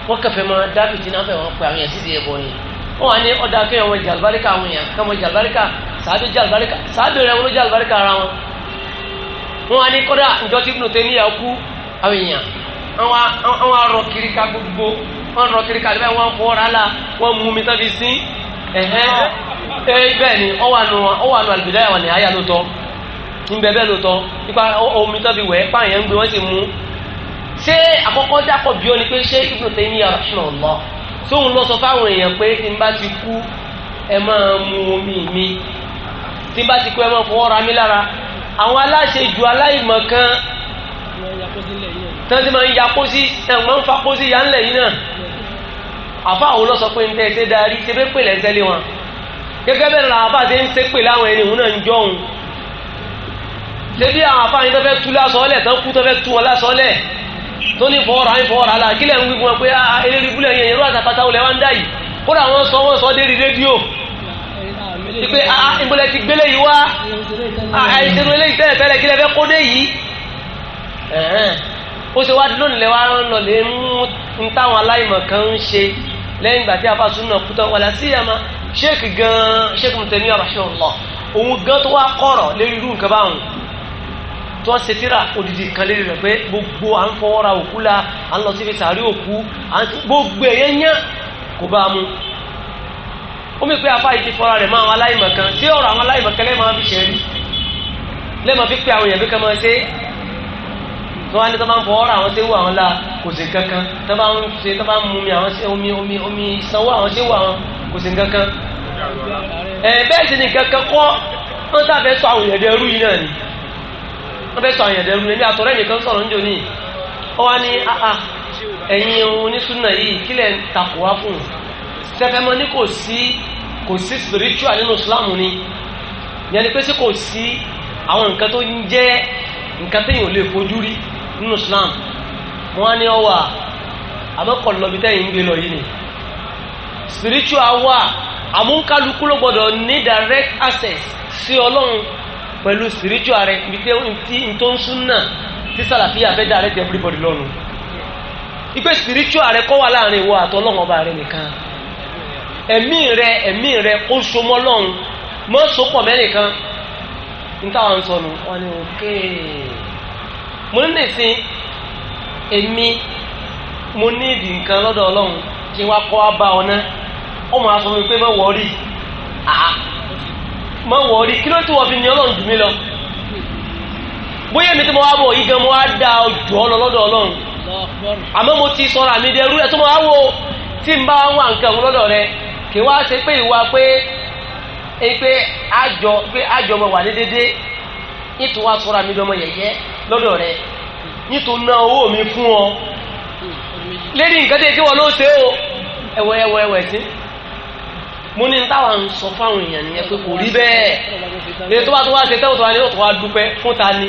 wọ́n kẹfẹ́ máa dá fìtínà fẹ́ wọ́n pe àwọn èèyàn sídìí ẹ̀bọ ni wọ́n wà ní ọ̀dà kẹ́yìn ọmọ ka àwọn èèyàn kẹ́mọ jàlùbáríkà sàábì jàlùbáríkà sàábì rẹ̀ wọ́n ló ara wọn. wọ́n wà ní kọ́dà ìjọ tí ibùdó tẹ níyà kú àwọn èèyàn kiri ká gbogbo wọ́n rọ kiri ká mú mi sí ni wà nù àlùbídà wà ní nípa omi pààyàn gbé ṣé àkọ́kọ́ dákọ̀ bí ó ni pé ṣé Ibn Taymiyyah rahimahullah tóun lọ sọ fáwọn èèyàn pé tí n bá ti kú ẹ máa mu omi mi tí n bá ti kú ẹ máa fọwọ́ ra mi lára àwọn aláṣejù aláìmọ̀kan tán ti máa ń ya pósí ẹ̀wọ̀n máa ń fa pósí ya ńlẹ̀ yìí náà àfa àwọn lọ sọ pé ń tẹ́ ṣe darí ṣe fẹ́ pè lẹ́sẹ̀ lé wọn gẹ́gẹ́ bẹ́ẹ̀ làwọn àfa ṣe ń ṣe pè láwọn ẹni òun náà ń jọ ṣe bí àwọn àfa yìí tó fẹ́ tú lásọ̀ọ́lẹ̀ tán kú tó fẹ́ tú wọn lásọ̀ọ́lẹ̀ tó ní fọ́ọ̀rọ̀ àyìn fọ́ọ̀rọ̀ àlà kílẹ̀ ń wí fún wọn pé ah, ah, eléré búlẹ̀ yẹn yẹn àtàkàtà olè wá ń dá yìí kódà wọ́n sọ wọ́n sọ dérí rédíò ìpè ah, ìbúlẹ̀ ti gbélé yìí wá àìsèrú eléyìí tẹ́lẹ̀ tẹ́lẹ̀ kílẹ̀ fẹ́ kó dé yìí ó ṣe wá lónìí lẹ́wà lọ lè ń táwọn aláìmọ̀ kan ń ṣe lẹ́yìn ìgbà tí a bá súnà kútọ́ wàlá sí àmà sheik gan sheik mutemi abashirullah òun gan tó wá kọ̀rọ̀ lérí irú nǹkan báwọn tó ṣe tíra odidi kan lè rẹ̀ pé gbogbo à ń fọwọ́ ra òkú la à ń lọ sí fi sàárì òkú gbogbo ẹ̀yẹ yán kò bá mu ó mi pé afá yìí ti fọ́ra rẹ̀ máa àwọn aláìmọ̀ kan tí ọ̀rọ̀ àwọn aláìmọ̀ kan lẹ́ẹ̀ máa fi ṣẹ̀rí lẹ́ẹ̀ máa fi pé àwọn èèyàn bí kan máa ṣe tó wá ní tó bá ń fọwọ́ ra àwọn ṣéwù àwọn la kò sí kankan tó bá ń ṣe tó bá ń mumi àwọn ṣe omi omi omi ìsanwó àwọn ṣéwù àwọn kò sí kankan ẹ̀ bẹ́ẹ̀ sì ni kankan kọ́ wọ́n sábẹ́ sọ àwọn èèyàn wọ́n fẹ́ sọ àyàn dẹrù ẹni àtọ̀rẹ́ nìkan sọ̀rọ̀ níjò ní ọ wá ní àà ah, ah, ẹ̀yin onísùnà yìí kílẹ̀ ń takò wá fún un sẹfẹ́ ní kò sí kò sí spiritual nínú Islam ni yẹn ni pé sí kò sí àwọn nǹkan tó ń jẹ́ nǹkan téèyàn ò lè fojú rí nínú Islam wọ́n á ní ọ wà àmọ́kọ̀ lọ́bi tẹ́yìn ń gbé lọ yìí ni spiritual wà àmúkálukú ló gbọ́dọ̀ ní direct access sí Ọlọ́run pẹ̀lú spiritual rẹ ibi tí n tó ń súnà tí sàlàfíà fẹ́ dà ti everybody lọ́nu ipe spiritual rẹ kọ́ wa láàrin ìwọ àtọ́lọ́wọ́n ọba rẹ nìkan ẹ̀mí rẹ ẹ̀mí rẹ kó somọ́ lọ́run mọ́ sopọ̀ mẹ́nìkan n táwọn sọnù wọn ni òkè mo ní lè èmi mo ní ìdì nǹkan lọ́dọ̀ ọlọ́run kí kọ́ bá ọ ná ọmọ asọ́mi pé mọ́ wọ́ọ́rì mọ́ wọ̀ọ́rí kí ló tí wọ́n fi ní ọlọ́run jù mí lọ bóyá mi tí mo wá bọ̀ yìí gan mo wá da ọjọ́ ọ lọ́dọ̀ mo ti sọ̀rọ̀ àmì dẹrú ẹ̀ tó mo wá wo tí n bá wà nǹkan lọ́dọ̀ rẹ kì wá ṣe pé ìwà pé pé àjọ pé àjọ wà ní nítorí wá sọ̀rọ̀ mi fún ọ nǹkan tí èké wọn ló ṣe o mo ní táwa ń sọ fáwọn èèyàn nìyẹn pé kò rí bẹ́ẹ̀ èyí tó bá tó wá ṣe tẹ́wọ̀tọ̀ wa ni ọ̀tọ̀ wa dúpẹ́ fún ta ni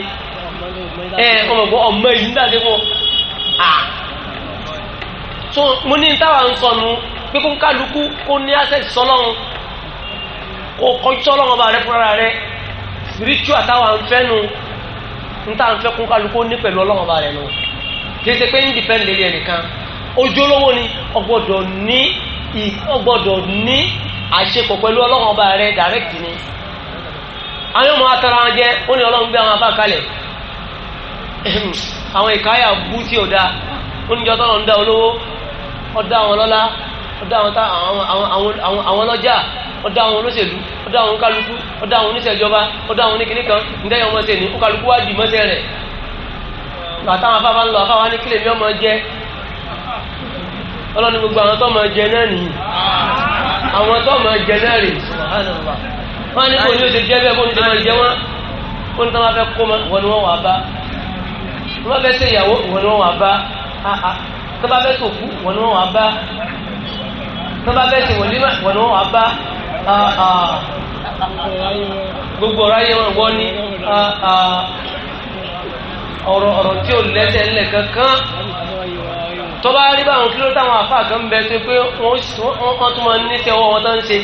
ẹ ọmọ ìgbọ́ ọmọ yìí ń dàgbé fún ọ so mo ní táwa ń sọ nu pé kó kálukú kó ní access sọlọ́run kó kọjú sọlọ́run ọba rẹ fúnra rẹ spiritual táwa ń fẹ́ nu ń tà ń fẹ́ kó kálukú ní pẹ̀lú ọlọ́run ọba rẹ nu kì í ṣe pé ń dìpẹ́ ń lélẹ̀ nìkan ojúlówó ni ọgbọ́dọ̀ ní ọgbọ́dọ̀ ní àṣepọ̀ pẹ̀lú ọlọ́run ọba rẹ direct ni àwọn ọmọ atara wọn jẹ ó ní ọlọ́run gbé àwọn afá kalẹ̀ àwọn ìkáyà bú tí ò dáa ó níjọ́ tọ́lọ̀ ń dá olówó ọ̀dá àwọn ọlọ́lá ọ̀dá àwọn ọlọ́jà ọ̀dá àwọn olóṣèlú ọ̀dá àwọn kálukú ọ̀dá àwọn oníṣẹ́jọba ọ̀dá àwọn oníkìní kan ǹdẹ́yọ̀ ọmọ ṣe ní kálukú wá dì mọ́ṣẹ́ ọlọ́ni gbogbo àwọn tó máa jẹ náà nìyí àwọn tó máa jẹ náà rè wọ́n ní kò ní oṣù jẹ́ bẹ́ẹ̀ kó ní tó máa jẹ wọ́n kó ní tó máa fẹ́ kó wọn ni wọ́n wà bá wọ́n fẹ́ ṣe ìyàwó wọn ni wọ́n wà bá tó bá fẹ́ sòkú wọn ni wọ́n wà bá tó bá fẹ́ ṣe wọ̀límà wọn ni wọ́n wà bá gbogbo ọ̀rọ̀ ayé wọn wọ́n ní ọ̀rọ̀ ọ̀rọ̀ tí ò lẹ́sẹ̀ ńlẹ̀ kankan tó bá rí báwọn kí ló táwọn àfà kan ń bẹ tó pé wọ́n tún máa ń ní tẹ́wọ́ wọn tó ń ṣe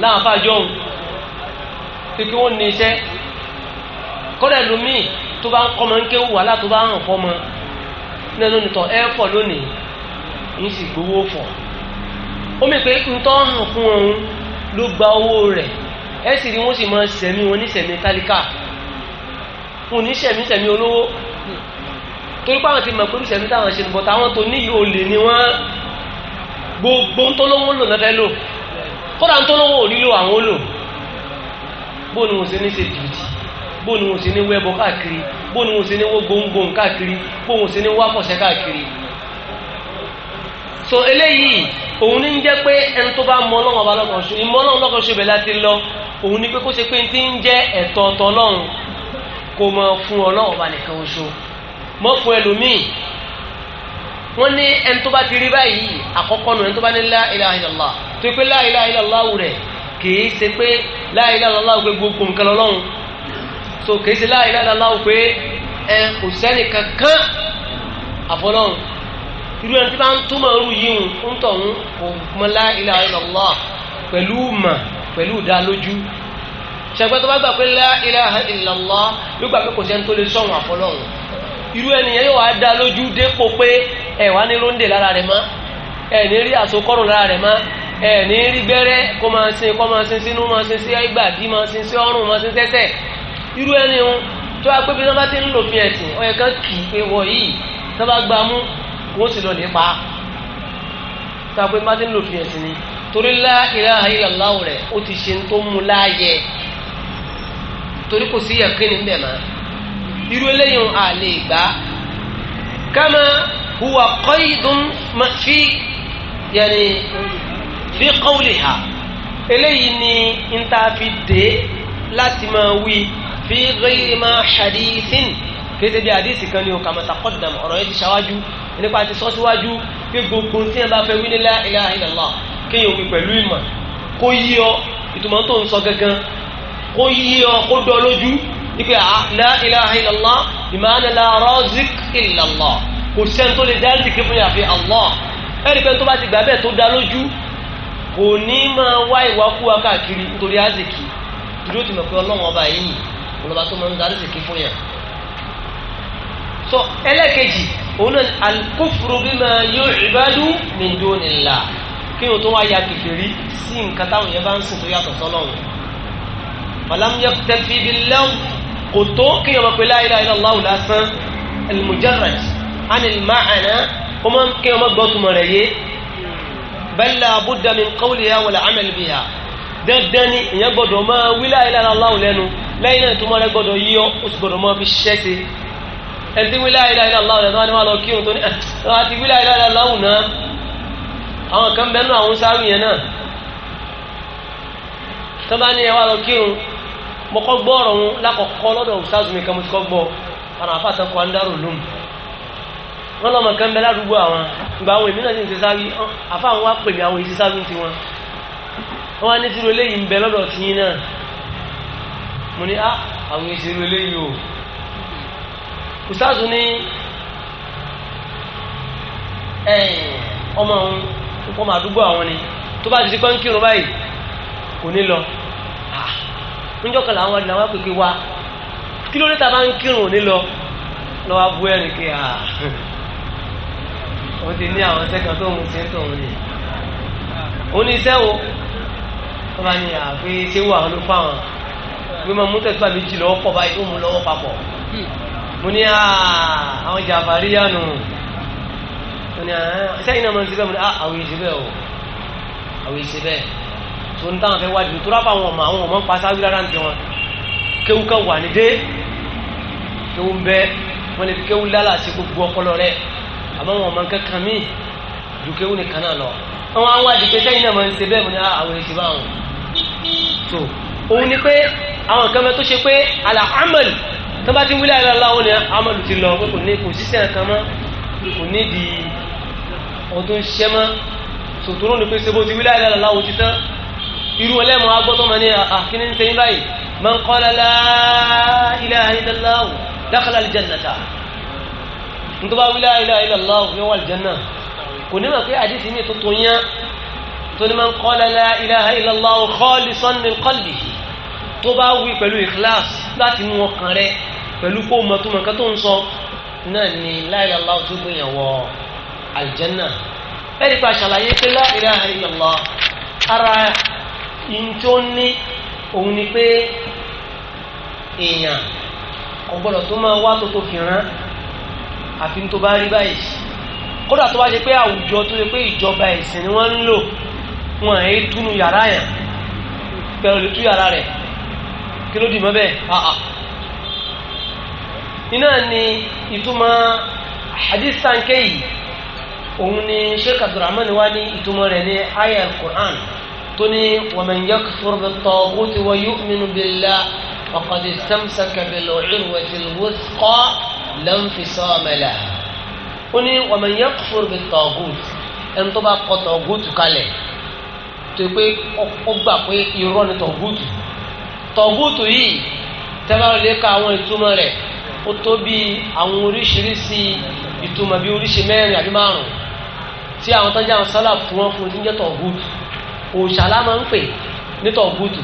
láwọn àfà jọ̀hún pé kí wọ́n ní iṣẹ́ kọ́lẹ̀ lómi tó bá ń kọ́ mọ́ ń ké wàhálà tó bá ń hàn fọ́ mọ́ nínú nìtọ̀ ẹ̀ pọ̀ lónìí ń sì gbowó fọ̀ ó mi pé ntọ́ hàn fún òun ló gba owó rẹ̀ ẹ̀ sì rí wọ́n sì máa sẹ̀mí wọn ní sẹ̀mí tálíkà fún ní sẹ̀mí sẹ̀mí olówó torí pé àwọn ti mọ̀ pé sẹ̀mí táwọn ṣe nìbọ̀ táwọn tó ní yóò lè ní wọ́n gbogbo ń tó lówó lò náà fẹ́ lò kódà ń tó lówó ò nílò àwọn olò bó ni wọ́n ṣe ní ṣe jìbìtì bó ni wọ́n ṣe ní wẹ́bọ káàkiri bó ni wọ́n ṣe ní wọ́ gbóngbóng káàkiri bó wọ́n ṣe ní wá pọ̀ṣẹ́ káàkiri so eléyìí òun ní jẹ́ pé ẹni tó bá mọ ọlọ́run ọba lọ́kọ̀ọ́ṣù ìmọ̀ ọlọ́run lọ́kọ̀ọ́ṣù bẹ̀rẹ̀ láti lọ òun ní pé kó ṣe pé ti ń jẹ́ ẹ̀tọ́ ọ̀tọ̀ ọlọ́run kó mọ fún ọlọ́run bá nìkan oṣù mọ́ fún ẹlòmíì wọ́n ní ẹni tó bá ti rí báyìí àkọ́kọ́ nù ẹni tó bá ní la ilaha illallah tó pé la ilaha illallah rẹ̀ kìí ṣe pé la ilaha illallah pé gbogbo nǹkan lọ́lọ́run so kìí ṣe la ilaha illallah pé ẹ kò sẹ́ni kankan àfọlọ́run irú ẹni tí bá ń túmọ̀ irú yìí ń tọ̀hún kò mọ la ilaha illallah pẹ̀lú mà pẹ̀lú ìdálójú ṣẹgbẹ́ tó bá gbà pé la ilaha illallah yóò gbà pé kò sẹ́ni tó lè sọ̀rùn àfọlọ́hùn irú ẹnìyẹn yóò wá dá lójú dépò pé ẹ̀ wá ní róńdè lára rẹ̀ mọ́ ẹ̀ ní rí àsokọ́rùn lára rẹ̀ mọ́ ẹ̀ ní rí gbẹ́rẹ́ kó máa sin kó máa sin sínú máa sin sí ìgbàdí máa sin sí ọrùn máa sin sẹ́sẹ̀ irú ẹni hun tó wá pé bí wọ́n ti ń lò fi ẹ̀sìn ọ̀yẹ̀ kan kì í pé wọ̀ yìí tó gbà mú wọ́n sì lọ lè pa tó wá pé bí wọ́n ti ń lò fi ẹ̀sìn ni torí la ilaha illallah rẹ̀ ó ti ṣe ń tó mú láàyè torí kò sí yẹ̀kínì mbẹ̀ mọ́ irú eléyìí à lè gbà kama huwa qaydun fi yẹni fi qawliha eléyìí ni ntaafi dé láti máa wí fi ghayri ma hadithin kéde bí àdìsí kan ní o kàmọ́ta kọ́dàm ọ̀rọ̀ yẹn ti ṣáwájú nípa ti sọ́ síwájú pé gbogbo tí ẹ bá fẹ́ wí ní la kéèyàn wí pẹ̀lú ìmọ̀ kó yí ọ ìtumọ̀ tó ń sọ gangan kó yí ọ kó dọ lójú wípé ah, la ilaha illallah ìmáàna la razik illallah kò sẹ́ni tó lè dá ẹ̀sìkì fún yàfi Allah ẹ̀rí pé tó bá ti gbà bẹ́ẹ̀ tó dá lójú kò ní máa wá ìwákúwá káàkiri nítorí ẹ̀sìkì dúró ti mọ̀ pé ọlọ́run ọba yìí ọlọ́ba tó máa ń darí ẹ̀sìkì fún yàn. so ẹlẹ́kejì òun náà al-kufru bima yu'badu min dunillah kí o tó wá ya kìfèrí sí nǹkan táwọn yẹn bá ń sìn tó yàtọ̀ sọ́lọ́run falam yaktafi billah kò tó kí ọmọ pé la ilaha illallahu lásán al-mujarrad anil ma'ana kó mọ́ kí ọmọ gbọ́ túmọ̀ rẹ̀ yé bal la budda min qawliha wal amal biha dandan ni ìyẹn gbọ́dọ̀ máa wí la ilaha illallahu lẹ́nu lẹ́yìn náà túmọ̀ rẹ̀ gbọ́dọ̀ yíyọ ó sì gbọ́dọ̀ máa fi ṣiṣẹ́ sí ẹtí wí la ilaha illallahu lẹ́nu wọn ni wọn lọ kírun tó ní ẹ ah, àti wí la ilaha illallahu náà àwọn kan bẹ́ẹ̀ náà àwọn sáré yẹn náà tọ́ba ní ẹ wá lọ kírun mo kọ́ gbọ́ ọ̀rọ̀ wọn lákọ̀ọ́kọ́ lọ́dọ̀ ṣáàzù mi kan mo ti kọ́ gbọ́ àwọn àfàtàn kan dárò lóhùn wọn lọ́mọ kan bẹ ládùúgbò àwọn ìgbà àwọn èmi náà sì ń ṣe sáré àfa àwọn wá pè mí àwọn èsì sáré ti wọn wọn á ní tìrò eléyìí ń bẹ lọ́dọ̀ tìyín náà mo ní á ah, àwọn èsì eléyìí o kùsáàzù ọmọ òun ọmọ àdúgbò àwọn ni tó bá ti di pé ah níjọ́ kan làwọn ọdún làwọn pèpè wa kí ló dé ta bá ń kírun òní lọ lọ́wọ́ abú ẹ̀rìn ah. kí a ó ti ní àwọn iṣẹ́ kan tó ń ṣe tó ń rìn ó ní iṣẹ́ wo wọ́n bá ní àfi ah, ṣé wà wọn ló fáwọn pé mo mú tẹ̀síwá méjì lọ́wọ́ pọ̀ báyìí ó mú lọ́wọ́ papọ̀ mo ní ah, àwọn jàǹfààrí yánu mo ní sẹ́yìn náà mo ti bẹ́ẹ̀ mo ní àwọn èsì bẹ́ẹ̀ o àwọn èsì bẹ́ẹ̀ tó ń táwọn fẹ́ wájú tó rápá àwọn ọmọ àwọn ọmọ ń pa sáwí rárá ń tiwọn kéwú kan wà ní dé kéwú ń bẹ wọn lè fi kéwú lálà sí gbogbo ọpọlọ rẹ àmọ́ àwọn ọmọ nǹkan kan míì ju kéwú nìkan náà lọ àwọn àwọn àdìpé sẹ́yìn náà máa ń ṣe bẹ́ẹ̀ mú ní ah, àwọn èsì báwọn tó òun ni pé àwọn kan tó ṣe pé àlà amẹl tó bá ti wílé àlà láwọn ni amẹl ti lọ pé kò ní kò sísẹ́ kan mọ́ kò ní di ọdún ṣẹ́ mọ́ tòtòrò ni pé sebo ti wílé àlà láwọn ti tán irú ẹlẹ́mọ̀ agbọ́tọ́ mọ̀ ní àkíní ah, ah, ń sẹ́yìn báyìí man qala la ilaha illallah dakhala aljannata nítorí wọ́n la ilaha illallah yóò wà aljanna kò ní ma pé àdìsí mi tuntun yẹn tó ní man qala la ilaha illallah khalisan min qalbihi tó bá wí pẹ̀lú ikhlas láti mú ọkàn rẹ pẹ̀lú kó mọ̀ tó mọ̀ nǹkan tó ń sọ náà ni la tó gbìyànwọ́ aljanna ẹ̀rí ntí ó ní òun ni pé èèyàn kò gbọ́dọ̀ tó máa wá tó tó fi rán àfi tó bá rí báyìí kódà tó bá jẹ pé àwùjọ tó yẹ pé ìjọba ẹ̀sìn ni wọ́n ń lò wọn àyè túnú yàrá yàn pẹ̀lú lè tú yàrá rẹ̀ kí ló dì mọ́ bẹ́ẹ̀ àà iná ni ìtumọ̀ hadith òun ni sheikh abdulrahman wa ní ìtumọ̀ rẹ̀ ní ayah quran تني ومن يكفر بالطاغوت ويؤمن بالله فقد استمسك بالعروة الوثقى لا انفصام لها تني ومن يكفر بالطاغوت ẹni tó bá kọ tọ̀gùtù kalẹ̀ tó pé ó gbà pé irọ́ ni tọ̀gùtù tọ̀gùtù yìí tẹ́lá lè ka àwọn ìtumọ̀ rẹ̀ ó tó bí àwọn oríṣiríṣi ìtumọ̀ bí oríṣi mẹ́rin àbí márùn-ún tí àwọn tó sálà fún wọn fún ti ń jẹ́ tọ̀gùtù òṣàlá máa ń pè nítọ̀ bútù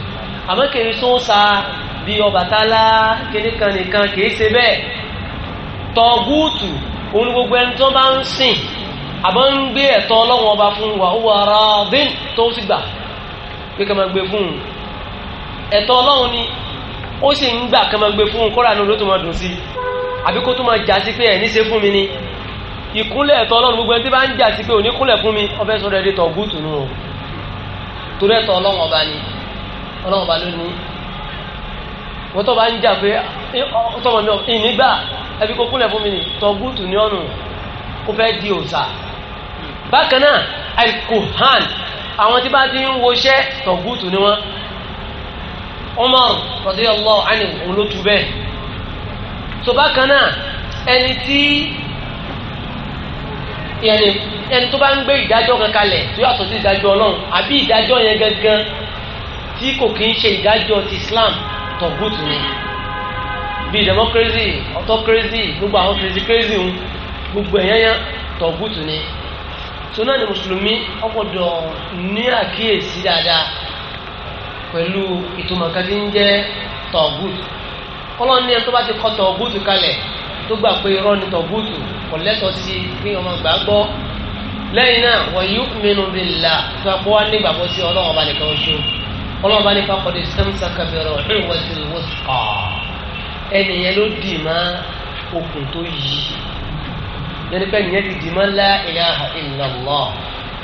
àmọ́ kì í sóòṣà bíi Ọbàtálá kíníkan nìkan kì í ṣe bẹ́ẹ̀ tọ́ bútù òun gbogbo ẹni tó bá ń sìn àbọ̀ ń gbé ẹ̀tọ́ ọlọ́run ọba fún wa ó wà ra dín tó sì gbà pé kí a máa gbé fún un ẹ̀tọ́ ọlọ́run ni ó sì ń gbà kí a máa gbé fún un kóra ní olóòtú máa dùn sí i àbí kó tó máa jà sí pé ẹ̀ ṣe fún mi ni ìkúnlẹ̀ ẹ̀tọ́ ọlọ́run gbogbo ẹni tí bá ń jà sí pé òní kúnlẹ̀ fún mi ọbẹ̀ sọ̀rọ̀ ẹ̀dẹ́tọ̀ gúùtù nù ọ́ torí ẹ̀tọ́ ọlọ́wọ́n ọba ni ọlọ́wọ́n ọba ló ní wọ́n tó bá ń jà pé ọtọ́mọ mi ìnígbà ẹbí kó kúnlẹ̀ fún mi ní tọ́gùtù ní ọ̀nù kó fẹ́ di òòṣà bákan náà alkohan àwọn tí bá ti ń woṣẹ́ tọ́gùtù ni wọ́n Umar radiyallahu anhu òun ló tu bẹ́ẹ̀ tó bákan náà ẹni tí yẹn ni ẹni tó bá ń gbé ìdájọ́ kan kalẹ̀ tó yàtọ̀ sí ìdájọ́ ọlọ́run àbí ìdájọ́ yẹn gangan tí kò kí ń ṣe ìdájọ́ ti Islam tọ̀gùt ni bíi democracy autocracy gbogbo àwọn crazy crazy ń gbogbo ẹ̀yẹ́yẹ́ tọ̀gùt ni so náà ni mùsùlùmí ọgbọ́dọ̀ ní àkíyèsí dáadáa pẹ̀lú ìtumọ̀ kan tí ń jẹ́ tọ̀gùt kọ́lọ́ ní ẹni tó bá ti kọ́ tọ̀gùt kalẹ̀ tó gbà pé irọ́ ni tọ̀gùtù kò lẹ́tọ̀ sí kí wọ́n máa gbà gbọ́ lẹ́yìn náà wọ́n yóò mẹ́nu bí la tó a kó wá ní ìgbàgbọ́ sí ọlọ́wọ́n bá nìkan oṣù ọlọ́wọ́n bá nìkan kọ́ di sẹ́mùsà kẹfẹ́rọ ìwọ́sí wọ́sùkọ́ ẹnìyẹn ló dì má okùn tó yí lẹ́nu pé ẹnìyẹn ti dì má la ilaha illallah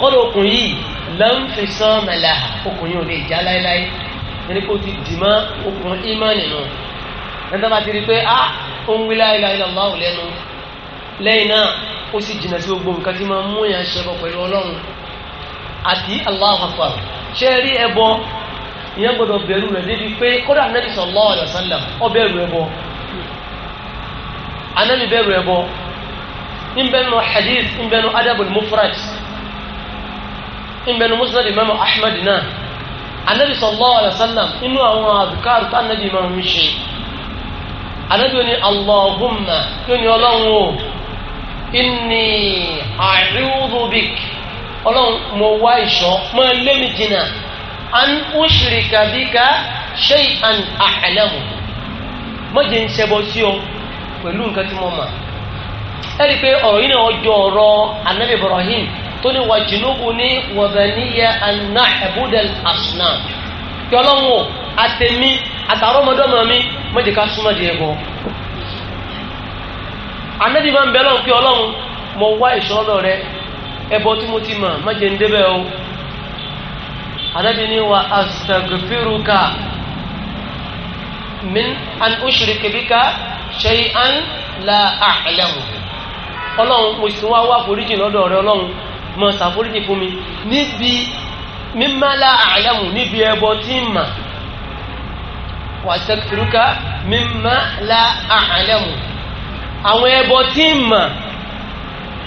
kọ́lọ̀ okùn yìí lẹ́nfẹ̀ sàn mẹ́la okùn yìí ò lè já láéláé lẹ́nu pé ó ti dì má okùn ìmánì nù ẹni tó bá ti rí pé ah ó ń wí la ilaha illallah lẹ́nu lẹ́yìn náà ó sì jìnnà sí gbogbo nǹkan tí máa mú yàn ṣẹbọ pẹ̀lú ọlọ́run àti Allahu Akbar ṣe rí ẹbọ ìyẹn gbọdọ̀ bẹ̀rù rẹ̀ débi pé kódà Ànábì sallallahu alaihi wasallam ó bẹ̀rù ẹbọ Ànábì bẹ̀rù ẹbọ ìbẹnu hadith ìbẹnu adabul mufrad ìbẹnu musnad imam ahmed náà Ànábì sallallahu alaihi wasallam inú àwọn àbùkárù tá Ànábì máa ń ṣe anabi ni allahumma lóni ọlọ́run o inni a'udhu bik ọlọ́run mo wá ìṣọ́ máa lé mi jìnnà an ushrika bika shay'an a'lamu mọ̀jẹ̀ ń ṣẹbọ sí o pẹ̀lú nǹkan tí mo mọ̀ ẹ rí i pé ọ̀rọ̀ yìí náà ọjọ́ ọ̀rọ̀ anabi ibrahim tó ní wàjìnnúbù ní wàbẹ̀níyà anna abudul asnam kí ọlọ́run o àtẹ̀mí àtàrọ́mọdọ́mọ mi méje ká súnmọ́ di ẹ̀bọ. anabi máa ń bẹ lọ́run pé ọlọ́run mo wá ìṣọ́lọ́ rẹ ẹ̀bọ tí mo ti mọ̀ méje ń débẹ̀ o. anabi ní wa astagfiruka min an ushrika bika shay'an la a'lamu. ọlọ́run mo sì wá wá foríjì lọ́dọ̀ rẹ ọlọ́run mọ̀ ṣàforíjì fún mi níbi mímá la a'lamu níbi ẹ̀bọ tí ń mọ̀ wàtẹ́kìtìrúkà mímá la àhàlẹ́mù àwọn ẹbọ tí ń mà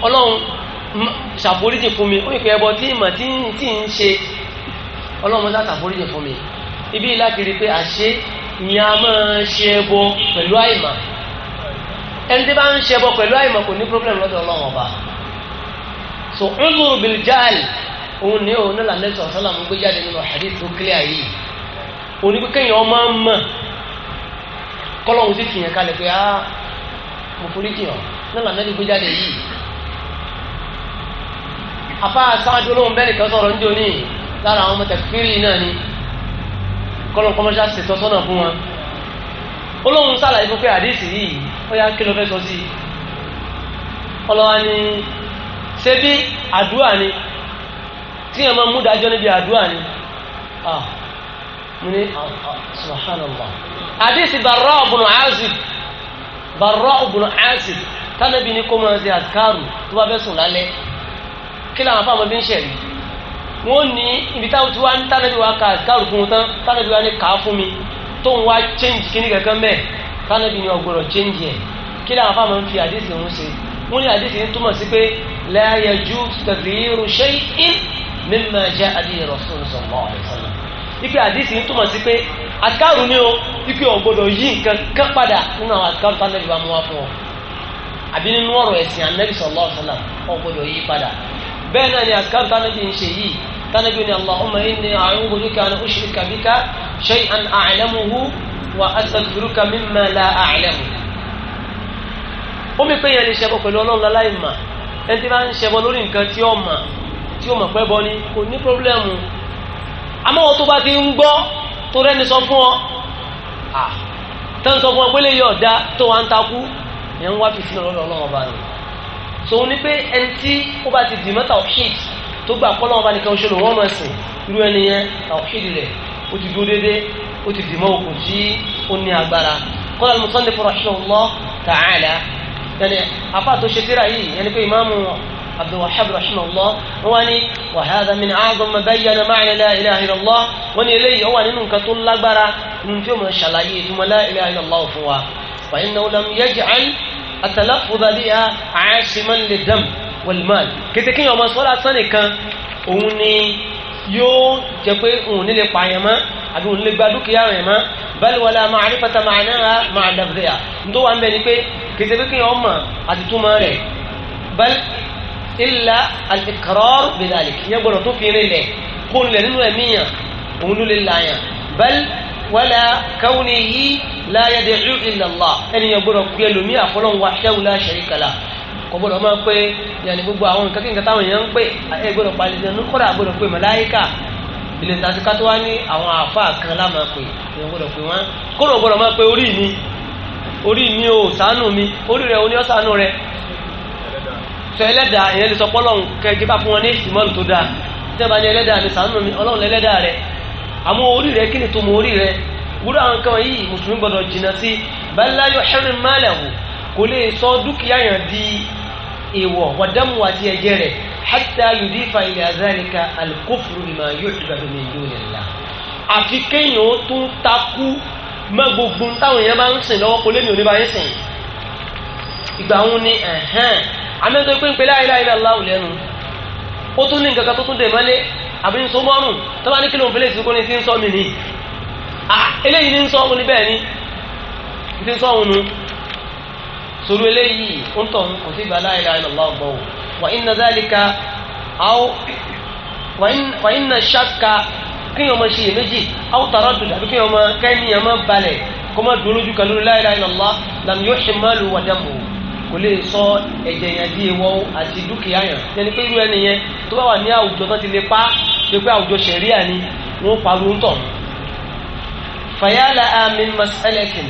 ọlọ́run ṣàforíjì fún mi ó yẹ kó ẹbọ tí ń mà tí ń ṣe ọlọ́run sá ṣàforíjì fún mi ibi láti rí i pé àṣé ni a máa ṣe ẹbọ pẹ̀lú àìmà ẹni tí bá ń ṣe ẹbọ pẹ̀lú àìmà kò ní problem lọ́dọ̀ ọlọ́run ọba so ń lù bìljáàlì òun ní òun nílànà ìtọ̀ sọ́là mú gbé jáde nínú àdìsí tó yìí òní pé kéèyàn ọmọ mọ̀ kọ́lọ́hún sì tìyàn kalẹ̀ pé ah mo forí jìyàn náà lànà ìgbé jáde yìí afa sáájú olóhùn bẹ́ẹ̀ nìkan sọ̀rọ̀ níjó ní lára àwọn ọmọ tẹ̀kífìrì náà ni kọ́lọ́hún kọ́mọ́ṣá ṣètò sọ́nà fún wọn olóhùn sàlàyé fún pé àdéhìsì yìí ó yá kí ló fẹ́ sọ sí i ọlọ́wà ni ṣé bí àdúrà ni tí èèyàn máa mú dájọ́ níbi àdúrà ni ah ní ah, ah, subhanallah hadith barra ibn azib barra ibn azib tánàbí ní kó máa ṣe àkàrù tó bá fẹ́ sùn lálẹ́ kí làwọn afáàmọ́ bí ń ṣẹ̀rí wọ́n ní ibi táwọn tí wọ́n á ní tánàbí wa ka àkàrù fún un tán tánàbí wa ní kàá fún mi tó ń wá change kíní kankan bẹ́ẹ̀ tánàbí ni ọgbọ̀rọ̀ change ẹ̀ kí làwọn afáàmọ́ ń fi hadith ń ṣe wọ́n ní hadith ń túmọ̀ sí pé la yajuzu taghyiru shay'in mimma ja'a bihi rasulullah sallallahu alaihi wasallam ipe àdìsí ń túmọ̀ sí pé àtikáàrù ni o ipe ọ̀gbọ́dọ̀ yí nǹkan kan padà nínú àwọn àtikáàrù tó anẹ́bí bá mú wá fún ọ àbí nínú ọ̀rọ̀ ẹ̀sìn anẹ́bí sallallahu alaihi ọ̀gbọ́dọ̀ yí padà bẹ́ẹ̀ náà ni àtikáàrù tó anẹ́bí ń ṣe yìí tánàbí ni allahumma inni a'udhu bika an ushrika bika shay'an a'lamuhu wa astaghfiruka mimma la a'lamu ó àmọ́ wọn tó bá ti ń gbọ́ tó rẹ́ni sọ fún ọ tó ń sọ fún ọ pé lè yọ ọ̀dá tó wà ń takú ìyẹn ń wá fi sí ọlọ́run ọlọ́run ọba ni tòun ni pé ẹni tí ó bá ti dì mọ́ta ọ̀hìn tó gbà pọ́ lọ́wọ́ bá nìkan ṣe lòun ọmọ ẹ̀sìn irú ẹni yẹn ọ̀hìn rẹ̀ ó ti dúró déédéé ó ti dì mọ́ okùn tí ó ní agbára kọ́lá al-musannif rahimahullah ta'ala yẹn ni afá tó ṣe tíra yìí yẹn pé ìmáàmù عبد الوهاب رحمه الله واني وهذا من اعظم ما بين معنى لا اله الا الله واني لي هو ان كنت لاغبارا من في ما شاء الله ثم لا اله الا الله فوا فانه لم يجعل التلفظ بها عاصما للدم والمال كتكين يوم صلاة سنة كان أوني yóò jẹ pé òun nílé pààyàn mọ́ àbí òun nílé gba dúkìá rẹ̀ mọ́ bal wala ma'rifata ma'naha ma'a lafziha nítorí wà ń bẹ ni pé kìí ṣe pé kí wọ́n mọ̀ àtìtúmọ̀ bal ilà al-iqrar bidhalik ìyẹn gbọ́dọ̀ tó fi rinlẹ̀ kó rinlẹ̀ nínú ẹ̀mí yàn òun ló lè là yàn bal wala kawnihi la yad'u illa Allah ẹnìyàn gbọ́dọ̀ pé ẹlòmí àfọlọ́n wahdahu la sharika lah kò gbọ́dọ̀ máa pé yàní gbogbo àwọn nǹkan kíkan táwọn èèyàn ń pè ẹ gbọ́dọ̀ pa ìlànà kọ́dà gbọ́dọ̀ pé màláíkà ilé ìtàsíká tó wá ní àwọn àáfàá kan lámàá pè èèyàn gbọ́dọ̀ pé wọ́n kọ́dọ̀ gbọ́dọ̀ máa pé orí mi orí mi ò ṣàánú mi orí rẹ oní ọ̀sánú rẹ sọ ẹlẹ́dàá ìyẹn lè sọ pé ọlọ́run kẹjẹ bá fún wọn ní ìmọ̀lù tó dáa tí wọ́n bá ní ẹlẹ́dàá ní sàánú mi ọlọ́run ẹlẹ́dàá rẹ àmọ́ orí rẹ kí ni tó mọ orí rẹ wúrọ̀ àwọn kan yìí mùsùlùmí gbọdọ̀ jìnnà sí bala yọ hẹ́rìn kò lè sọ dúkìá yẹn di ìwọ̀ wàdàmù àti ẹ̀jẹ̀ rẹ̀ hátà yùdífà ilẹ̀ azánìkà alukófuru ìgbà wọn ni ẹ̀hẹ́n àmẹ́tọ́ pé ń pe láìlá ilẹ̀ aláwọ̀ lẹ́nu ó tún ní nǹkan kan tó tún dè mọ́lé àbí ń so mọ́rùn tó bá ní kí ló ń fẹ́lẹ́ sí kó ní sí ń sọ mi ní eléyìí ní ń sọ òun ní bẹ́ẹ̀ ni ti ń sọ òun nu sòrò eléyìí ó ń tọ̀ ń kò sí gba láìlá ilẹ̀ aláwọ̀ bọ̀ wà iná zálika àwọ̀ wà iná ṣáka kí ọmọ ṣe yè méjì àwọ̀ tààrọ̀ dùn àbí kí ọmọ kẹ́ni ọmọ balẹ̀ kó má dúró lójú kan lórí láìlá ilẹ̀ aláwọ̀ làm yóò ṣe má lu wàdàmù kò lè sọ ẹ̀jẹ̀ yẹn di ewọ́ àti dúkìá yẹn ẹni pé irú ẹni yẹn tó bá wà ní àwùjọ tó ti lè pa ṣe pé àwùjọ ṣẹ̀ríà ni wọ́n pa ló ń tọ̀ fàyàlà àmì masalatin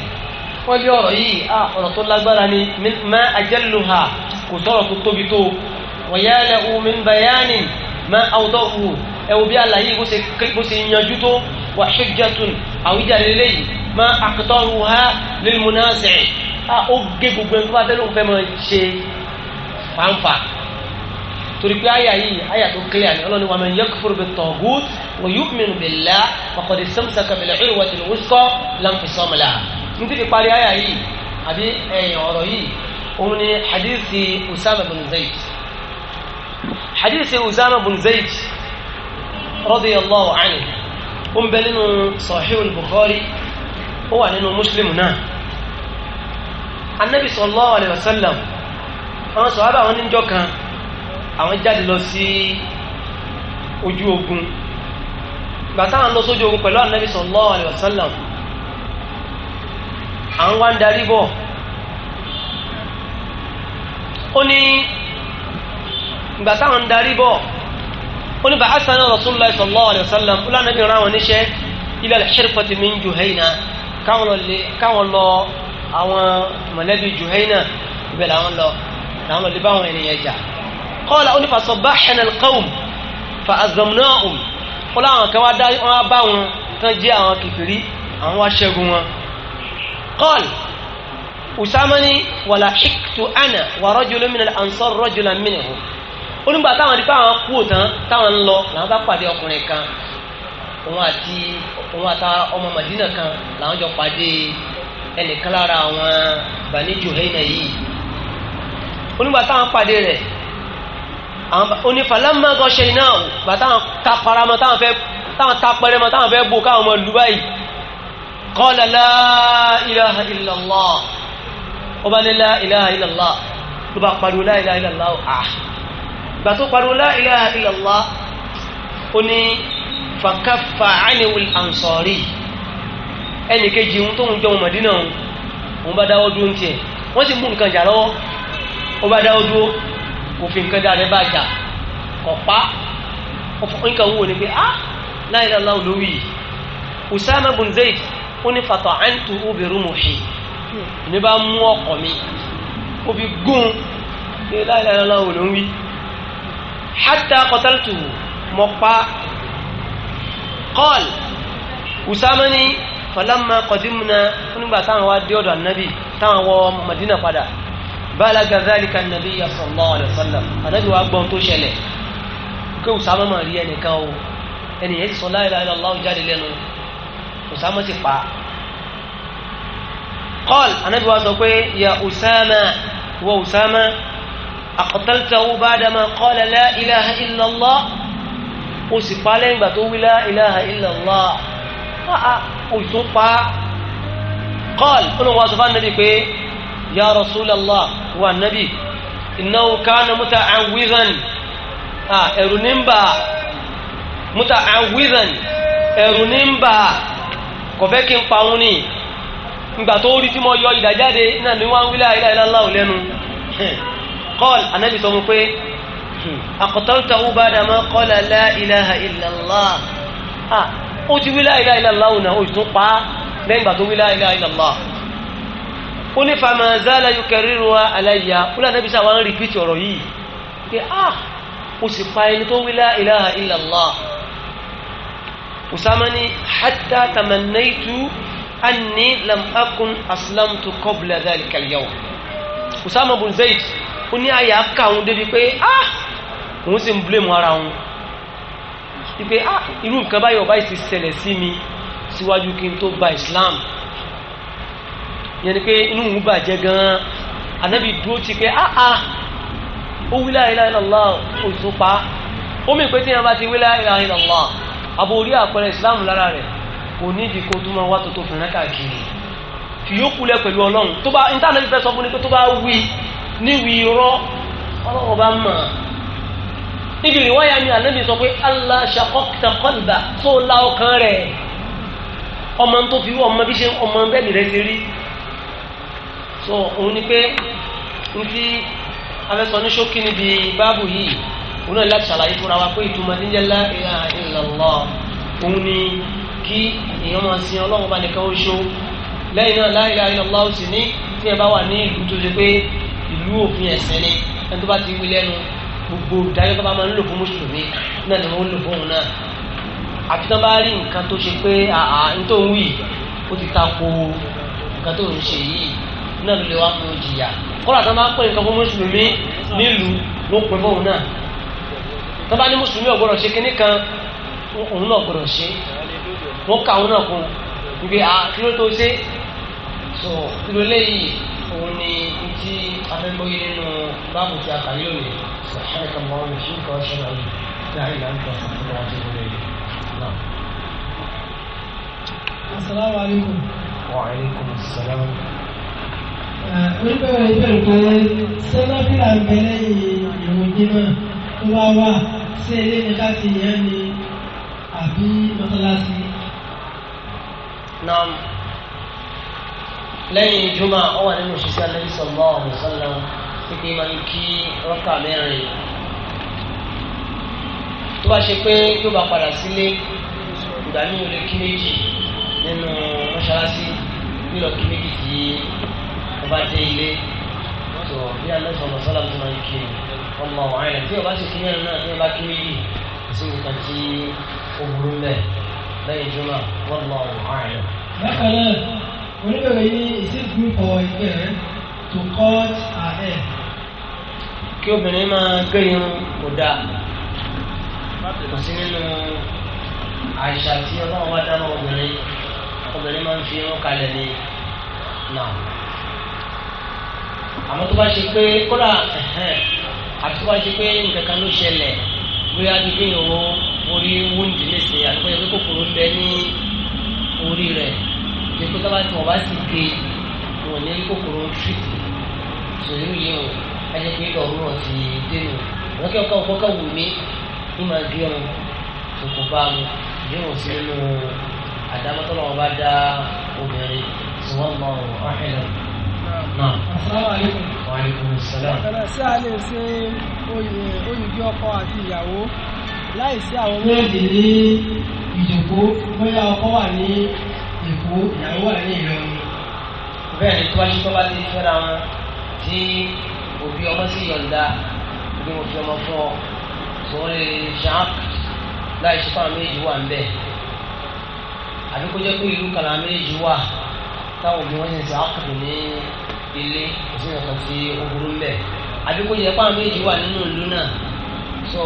wọ́n bí ọ̀rọ̀ yìí ọ̀rọ̀ tó lágbára ni má ajalluha kò sọ̀rọ̀ tó tóbi tó wàyàlà min bayani má àwùjọ wù ẹ bí àlàyé bó ṣe yanjú tó wà ṣèjàtún àwùjá Ah, ó gé gbogbo ẹni tó bá fẹ́ lóun fẹ́ máa ṣe fanfa torí pé àyà yìí àyà tó clear ni ọlọ́ni wa man yakfur bit-taghut wa yu'min billah faqad istamsaka bil-'urwatil wuthqa la infisama laha ní ti fi parí àyà yìí àbí ẹ̀yìn eh, ọ̀rọ̀ yìí òun ni hadithi usama bin zayd hadithi usama bin zayd radiyallahu anhu ó ń bẹ nínú sahih al-bukhari ó wà nínú muslim náà anabi sallallahu alayhi wa sallam àwọn sọ̀rọ̀ àwọn oníjọ́ kan àwọn jáde lọ sí ojú ogun bàtà àwọn lọ sójú ogun pẹ̀lú anabi sallallahu alayhi wa sallam àwọn wá ń darí bọ̀ ó ní ìgbà táwọn ń darí bọ̀ ó ní bàásà náà rasulullah sallallahu alayhi wa sallam ó lánàá bí ila al min Juhayna káwọn lọ àwọn mọ̀lẹ́bí Juhayna ibẹ̀ làwọn lọ làwọn lọ lé báwọn ènìyàn jà kọ́ọ̀lá ó ní fasọ bá hẹnẹl kọ́ọ̀m fa azọmúná òm ó láwọn kan wá dá wọn bá wọn tán jẹ́ àwọn kìfìrí àwọn wá ṣẹ́gun wọn kọ́ọ̀l Usama ni wàlá ṣíkìtù àná wà rọ́jùlọ́ mìíràn ansọ́ rọ́jùlọ́ mìíràn onígbà táwọn di fáwọn kú òtán táwọn ń lọ làwọn bá pàdé ọkùnrin kan òun àti òun àtàwọn ọmọ Madina kan làwọn jọ pàdé ẹnìkan lára àwọn Bani Juhayna yìí onígbà táwọn pàdé rẹ̀ onífàlámà gọ́ṣẹ́ iná bá táwọn kápára mọ́ táwọn fẹ́ táwọn tapẹrẹ mọ́ táwọn fẹ́ bò káwọn ọmọ lù báyìí qala la ilaha illallah ọba ní la ilaha illallah ló bá pariwo la ilaha illallah ah gbà tó pariwo la ilaha illallah ó fàkàfà ánìwìl ansari ẹnì kejì ń tóun jọ ọmọdé náà òun bá dáwọ́ dúró ń tiẹ̀ wọ́n sì mú nǹkan jà lọ́wọ́ ó bá dáwọ́ dúró kò fi nǹkan dáadé bá jà kò pa nǹkan wò ni pé a la ilaha illallah ló wì Usama bun Zayd ó ní fatọ̀ àǹtù obìnrin mùhìn ní bá mú ọkọ̀ mi ó fi gún pé la ilaha illallah ló ń wí hatta kọ́ọ̀lù Usama ní falamma qadimna nígbà táwọn wá dé ọ̀dọ̀ ànábì táwọn wọ madina padà balaga dhalika an-nabiyya sallallahu alaihi wasallam ànábì wa gbọ́n tó ṣẹlẹ̀ kí Usama máa rí ẹnìkan o ẹnìyẹn ti sọ la ilaha illallah jáde lẹ́nu Usama ti pa qala ànábì wa sọ pé ya Usama wọ Usama aqtaltahu ba'dama qala la ilaha illallah ó sì pa lẹ́yìn ìgbà tó wí la ilaha illallah òtún pa kọ́ọ̀lù olùwọ́n sọ fún nàbí pé ya rasulallah wa nàbí innahu kana muta'awwidhan ẹ̀rù ní ń bà muta'awwidhan ẹ̀rù ní ń bà kọ̀fẹ́ kí n pa òun ni ìgbà tó rí tí mo yọ ìdàjáde náà ni wọ́n ń wílẹ̀ lẹ́nu kọ́ọ̀lù anábì sọ mu pé aqtaltahu ba'da ma qala la ilaha ó ti wí la ilaha illallah náà ó tún pa á lẹ́yìn ìgbà tó wí la ilaha illallah ó ní fama zala yukarriruha alayya ó lànà ibi sáà wà ń rìpítì ọ̀rọ̀ yìí pé a ah, ó sì pa ẹni tó wí la ilaha illallah Usama ni hatta tamannaitu anni lam akun aslamtu qabla dhalika al-yawm Usama bin ó ní àyà ká òun débi pé a ah, òun sì ń blame ara òun wípé ah irú nǹkan báyọ̀ báyìí ti ṣẹlẹ̀ sí mi síwájú kí n tó gba Islam yẹn ni pé inú òun bàjẹ́ gan-an ànábì dúró ti pé ah ah ó wí la ilaha illallah ó tó pa ó mì pé tí yẹn bá ti wí la ilaha illallah àbò orí àpẹẹrẹ Islam lára rẹ̀ kò ní ìdí kó tó máa wá tó tó fìrìnà káàkiri fi yókù lẹ pẹ̀lú Ọlọ́run tó bá ní táwọn ẹni fẹ́ sọ fún ni pé tó bá wí níwì irọ́ Ọlọ́run bá mọ̀ ọ́ níbi ìwáyà mi ànábì sọ pé allah ṣàkọ́kítà kọ́ńdà tó la ọkàn rẹ̀ ọmọ tó fi ọmọ bí ṣe ọmọ bẹ́ẹ̀ni rẹ̀ ti rí so òun ni pé n ti afẹ́sọ ní ṣókí níbi báàbù yìí òun náà láti ṣàlàyé fúnra wa pé ìtumọ̀ ní jẹ́lá ìhà ìlọ̀lọ́ òun ni kí èèyàn máa sin ọlọ́run bá nìkan ó ṣó lẹ́yìn náà la ilaha illallah ó sì ní tí ẹ bá wà ní ìlú tó ṣe pé ìlú òfin ẹ̀sìn ni ẹni tó bá ti wí lẹ́nu gbogbo ìdájọ́ tó bá máa ń lò fún mùsùlùmí náà ni wọ́n lò fún òun náà àfi tán bá rí nǹkan tó ṣe pé àà nítorí wí ó ti ta ko nǹkan tó ń ṣe yìí náà ló lè wá fún jìyà kọ́lá tán bá pè nǹkan fún mùsùlùmí nílùú ló pè fún òun náà tán bá ní mùsùlùmí ọ̀gbọ́dọ̀ ṣe kinní kan òun náà gbọ́dọ̀ ṣe wọ́n ká òun náà kún ibi à kí ló tó ṣe sọ kí ló òun ni tí afẹ́gbọ́yé nínú báàbù tí a kà yóò lè ṣàṣàyẹ kan mọ́ ọ́n ṣì ń kọ́ ṣẹlẹ̀ ọ̀hún láàrin ìlànà ìgbà fún ọmọ àti ìwé rẹ̀ náà. asalaamu alaykum. wa aleykum salaam. oníbẹ̀rẹ̀ ìbẹ̀rù pé sẹ́lẹ̀fìlà ń bẹ lẹ́yìn ìrùn tó bá wà sí ilé ní káàkiri yẹn ni àbí mọ́tálásí. náà lẹ́yìn juma ó wà nínú òṣìṣẹ́ alẹ́ sọ̀rọ̀ ọ̀hún sọ́lá pípé máa ń kí rọ́kà mẹ́rin tó bá ṣe pé yóò bá padà sílé ìgbà mi ò lè kí méjì nínú mọ́ṣáláṣí nílò kí méjì tí ó bá dé ilé tó bí alẹ́ sọ̀rọ̀ sọ́lá tó máa ń kí ọmọ ọ̀hún tí ó bá sì kí mẹ́rin náà tí ó bá kí méjì sí nǹkan tí ó burú mẹ́ lẹ́yìn juma wọ́n lọ ọ̀hún. Oníbẹ̀rẹ̀ yìí is it a girl to cut her hair? Kí obìnrin máa gé irun kò dáa. Kò sí nínú àṣà tí ọlọ́run wá dáná obìnrin. Obìnrin máa ń fi irun kalẹ̀ ní náà. Àmọ́ tó bá ṣe pé kódà àti tó bá ṣe pé nǹkan kan ló ṣẹlẹ̀ bóyá ní pé tọ́ba tí wọ́n bá sì gbé wọn ní kòkòrò tìrìtì sòrí yìí o ẹni pé ọ̀run ọ̀sìn dénú wọn kí ọkọ ọkọ wù mí ní màá gbé ọ̀run kòkò bá mu yóò wọ́n sí nínú àdámọ́tọ́lọ́ wọn bá dá obìnrin tí wọ́n mọ ọ̀hìnà náà. asalaamualeykum. wa aleykum salaam. ọ̀rẹ́ sí alẹ́ ṣe oyinbi ọkọ àti ìyàwó láì àwọn méjì ní ìjòkó bóyá ọkọ wà ní èkó ìyàwó wà ní ìlọrin bẹ́ẹ̀ ni tíwájú tó bá ti fẹ́ra wọn tí òbí ọmọ sì yọ̀ǹda bí mo fi ọmọ fún ọ tó ń lè ṣáàp láì ṣe fáwọn méjì wà ń bẹ̀ àbí pé ìlú kàlà méjì wà táwọn òbí wọn sì ń sọ àkùrù ní ilé kò sí nǹkan tí ó burú ń bẹ̀ àbí pé àwọn méjì wà nínú ìlú náà sọ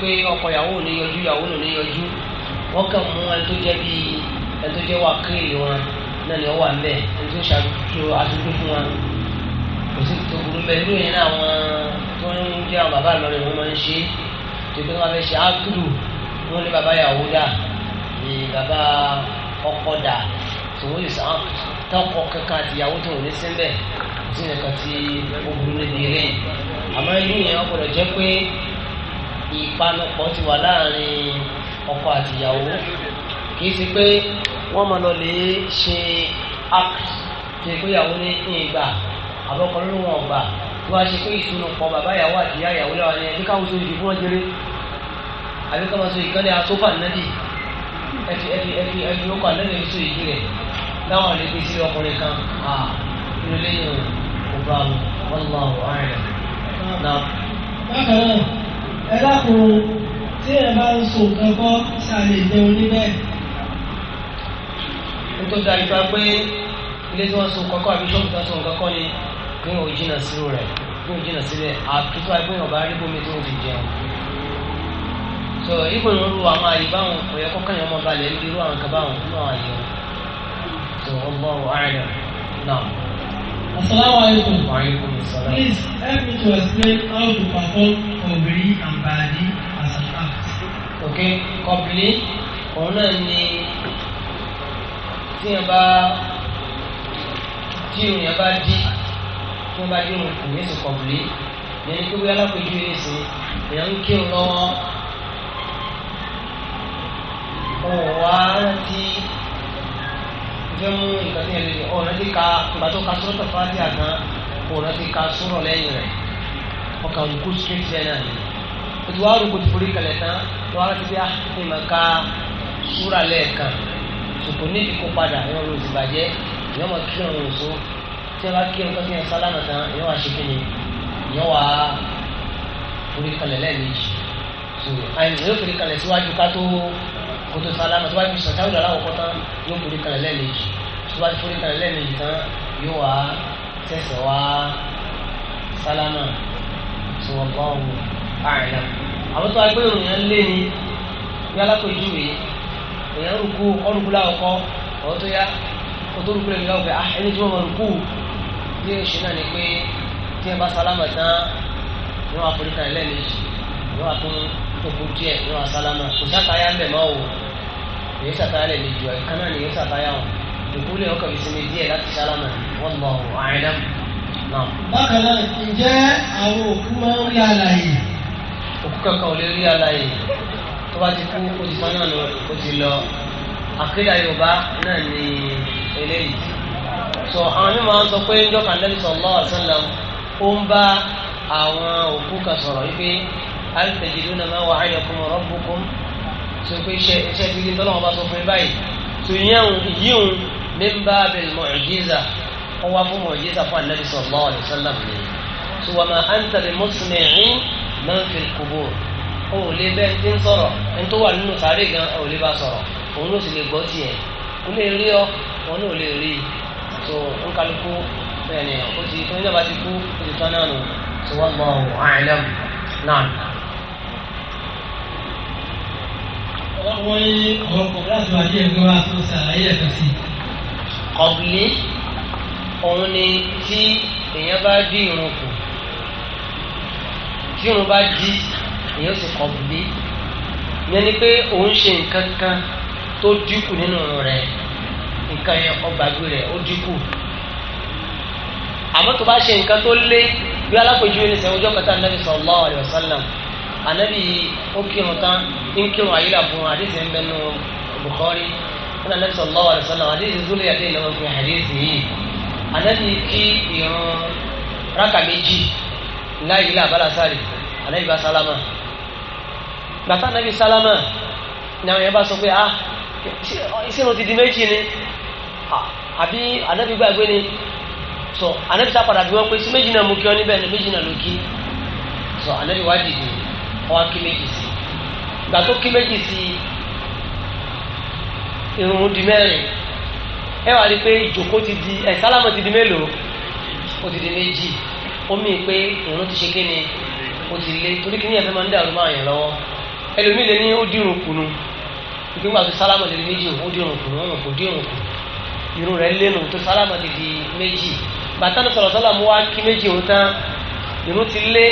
pé ọkọ ìyàwó ò ní yọjú ìyàwó ò ní yọjú wọ́n kàn mú ẹni tó jẹ́ bíi ẹni tó jẹ́ wà kéèlì wọn náà ni wọ́n wà ń bẹ̀ ẹni tó ṣàtúntò aṣojú fún wọn kò sí tó burú bẹ́ẹ̀ irú yẹn náà wọn tó ń jẹ́ àwọn bàbá lọ́rẹ̀ wọn máa ń ṣe tó pé wọ́n fẹ́ ṣe ákúrú wọn ní bàbá yàwó dà ní bàbá ọkọ dà tòun yìí sàn ah, tọkọ kankan àti ìyàwó tó wò ní síbẹ̀ kò sí nǹkan tí ó burú níbi eré àmọ́ irú yẹn wọ́n gbọ́dọ̀ jẹ́ pé ìpanupọ̀ ti wà láàrin ọkọ àtìyàwó kìí ṣe pé wọ́n máa lọ lè ṣe act ṣe pé ìyàwó ní ìgbà àbọ̀kọ lórí wọn ọgbà tó wá ṣe pé ìṣúná pọ̀ bàbá ìyàwó àtìyá ìyàwó lẹ́wà ni ẹbí káwọn sóyè fún wọn jẹrẹ àbí káwọn sóyè kan ní asófà nàdì ẹfi ẹfi ẹfi ẹfi ó kà lẹ́nu ìṣó yìí rẹ̀ láwọn lè fi sí ọkùnrin kan à nínú lẹ́yìn ọba wọn lọ́wọ́ ààrẹ náà. bákan náà ẹ dákun tí ẹ bá ń so nǹkan kọ́ tá a lè jẹun níbẹ̀. nítorí àyíká pé ilé tí wọ́n so nǹkan àbí ṣọ́ọ̀bù tó so nǹkan ni kí wọ́n jìnnà sírò rẹ̀ kí wọ́n jìnnà sílẹ̀ àtúntò àìpé wọn bá rí bómi tí wọ́n ti jẹun. sọ ibò ń ru àwọn àyè báwọn ọ̀yọ́ kọ́kọ́ yẹn ọmọ balẹ̀ ń dirú àwọn kan báwọn nínú àwọn àyè wọn. sọ Allahu a'lam náà. Assalamualaikum. Waalaikumsalam. Please help me to explain how to perform Kobri and Badi òkè kọ̀bìlì òun náà ni tí yẹn bá tí irun yẹn bá dí tí wọ́n bá dí irun kù yẹn sì kọ̀bìlì yẹn tó bóyá lápẹjù yẹn sì yẹn ń kírun lọ́wọ́ òun wá rántí fẹ́ mú nǹkan ní ẹlẹ́yìn ọ̀rẹ́ ti ka ìgbà tó ka sọ́rọ́ tó fà á sí àgbọn ọ̀rẹ́ ti ka sọ́rọ̀ lẹ́yìn rẹ̀ ọkà òkú straight lẹ́yìn rẹ̀ o ti wá rò kò ni forí kalẹ̀ tán wọ́n á ti bí àfihàn ká súra lẹ́ẹ̀kan sòkò ní ìkó padà ìwọ́n ló ti bàjẹ́ ìwọ́n máa kí ọ̀run òṣó tí wọ́n bá kí ọ̀run kọ́sí yẹn sálámà tán ìwọ́n wá ṣe kíni ìwọ́n wá forí kalẹ̀ lẹ́ẹ̀mejì tó àyìn yóò forí kalẹ̀ síwájú ká tó kótó sálámà tó bá fi sàn sáwùdà láwùkọ́ tán àìlà àwọn tó wá pé òun yẹn lé ní ya alákòjúwe èèyàn rúkú ọrùkú láwùkọ ya. tó yá kó tó rúkú lè fi láwùkọ ah, ẹni tí wọ́n ni pé tí ẹ bá sálámà tán ni wọ́n àforí kan ẹlẹ́ẹ̀mejì ni wọ́n àtún tókù díẹ̀ ya wọ́n àsálámà kò sátayá ń bẹ̀ ya kankan ò lè rí àlàyé tó bá ti kú ó ti tán náà lọ o ti lọ àkídà yorùbá náà ni eléyìí sọ àwọn mímọ àwọn sọ pé njọ kàndẹ́lì sallallahu alaihi wasallam ó ń bá àwọn òkú kan sọ̀rọ̀ wípé altajiduna ma wa'adakum rabbukum tó pé iṣẹ́ iṣẹ́ gidi tọ́lọ́wọ́n bá sọ fún yín báyìí tó yẹun yíun min babil mu'jiza wọ́n wá fún mu'jiza fún ànábì sallallahu alaihi wasallam ni tó wà máa anta bi musmi'in man fil qubur o ò lè bẹ́ẹ̀ ti ń sọ̀rọ̀ ẹni tó wà nínú sàárè gan o ò lè bá sọ̀rọ̀ òun sì lè gbọ́ tiẹ̀ kó lè rí ọ wọn náà lè rí i so ń kálukú bẹ́ẹ̀ ni ó ti tó nígbà tí kú ó ti tán náà nù so wọ́n mọ ọ̀hún àìlẹ́m náà. wọ́n ní ọkọ̀ láti wáyé ẹ̀gbọ́n wa tó ṣàlàyé ẹ̀kan sí ọ̀gbìn òun ni tí èèyàn bá dín irun kù tí òun bá di èyí ó sì kọ̀ bùlí ni pé òun ṣe nǹkan kan tó dínkù nínú rẹ̀ nǹkan yẹn ọgbàgbé rẹ̀ ó dínkù àmọ́ tó bá ṣe nǹkan tó lé bí alápèjúwe ní sẹ́wọ́n ọjọ́ kẹta nàbì sallallahu alaihi wasallam ànábì ó kírun tán ń kírun àyílà fún àdéhùn ń bẹnu Bukhari fún ànábì sallallahu alaihi wasallam àdéhùn tó lè yàtọ̀ ìnáwó fún àdéhùn yìí ànábì kí ìrun rákà méjì láyé ilé àbálásárì ànábì bá sálámà gbàtà ànábì sálámà ni àwọn yẹn bá sọ pé ah ìṣirò ti di méjì ni ah, àbí ànábì gbàgbé ni sọ ànábì sá padà bí wọn pé sí méjì náà mú kí ọ níbẹ̀ ni méjì náà ló kí sọ ànábì wá dìde ọwọ́ kí méjì sí gbà tó kí méjì sí irun di mẹ́rin ẹ wà rí pé ti di ẹ̀ sálámà ti di mélòó ó ti di méjì ó mì pé ìrún ti ṣe kí ni ó ti lé torí kí ni ẹ̀fẹ́ máa ń dàrú máa yàn lọ́wọ́ ẹlòmíì lè ní ó dìrùn kùnú ìgbìmọ̀ àti sálámà lè di méjì ó dìrùn kùnú ọ̀hún kò dìrùn kù irun rẹ̀ lẹ́nu tó sálámà lè di méjì bàtà ní sọ̀rọ̀ sọ́lá mú wá kí méjì òun tán irun ti lé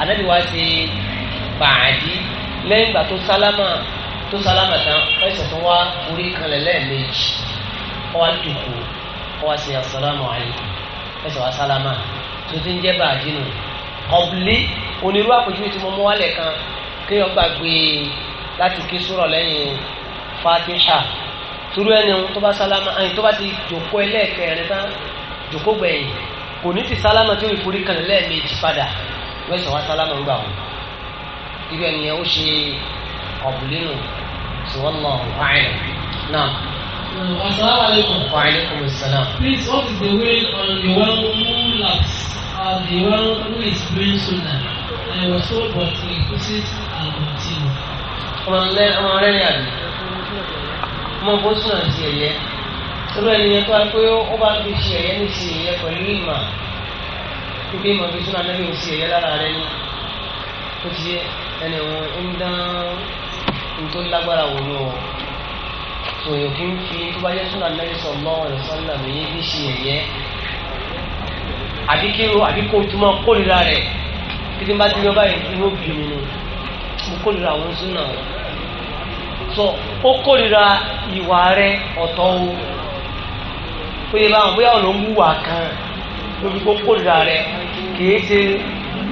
ànábì wá ṣe bàádì lẹ́yìn ìgbà tó sálámà tó sálámà tán ẹ̀sẹ̀ tó wá orí kanlẹ̀ lẹ́ẹ̀mejì ó wá dùkú ó wá ṣe àsálámà àlè ẹ̀sẹ̀ wá sálámà tó ti ń jẹ́ bàdí nù ọ̀bùlé onírú àpèjúwe tí mo mú wálẹ̀ kan kéèyàn gbàgbé láti ké sùrọ̀ lẹ́yìn fatiha turu ẹni tó bá sálámà ẹni tó bá ti jòkó ẹlẹ́ẹ̀kẹrin tán jòkó gbẹ̀yìn kò ní ti sálámà tí ó ìforí kan lẹ́ẹ̀mejì padà wọ́n sọ wá sálámà ń gbà wọ́n irú ẹni yẹn ó ṣe ọ̀bùlé nù sọ wọ́n lọ ọ̀hún náà. Mm, Assalamualaikum. Waalaikumsalam. Please, what is the way on the one who laughs or the one who is doing sunnah? I was told, but he pushes and continues. Ọmọlẹ́ ọmọlẹ́ ni àbí. Ọmọ bó sùn àti ẹ̀yẹ. Olú ẹni yẹn tó a pé ó bá fi ṣe ẹ̀yẹ ní ṣe ẹ̀yẹ pẹ̀lú ìmọ̀. Ibi ìmọ̀ fi sún àmì ò ṣe ẹ̀yẹ lára rẹ ni. Ó ti ẹni wọn ń dán ní tó lágbára wò ló wọ̀. So kí n fi tó bá yẹ súnà lẹ́yìn sọ̀mọ́ ọ̀rọ̀ sọ́nà mi yé bí ṣe yẹ̀yẹ́ àbí kí o àbí kó o túmọ̀ kórìíra rẹ̀ kí tí n bá ti yọ báyìí inú bí mi nù mo kórìíra àwọn súnà sọ ó kórìíra ìwà rẹ̀ ọ̀tọ̀ o ó yẹ báwọn bóyá ọ̀nà ń wúwà kan lórí kó kórìíra rẹ̀ kì í ṣe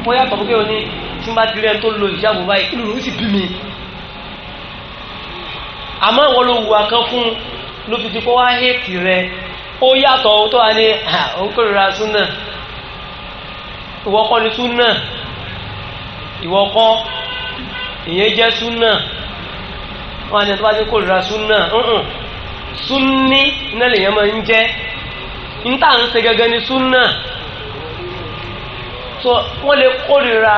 bóyá tọ̀ bóyá o ní tí n bá ti tó lo ìjáàbò báyìí inú ló sì bí mi. àmọ́ wọn ló wù akán fún ló fi ti kó wá rẹ ó yàtọ̀ tó wà ní ni suna ìwọ kọ́ ìyẹn jẹ́ súnà wọn àti ẹ̀tọ́ bá ti kórìíra súnà súnni náà lèèyàn máa ń jẹ́ níta ń ṣe ni so wọ́n lè kórìíra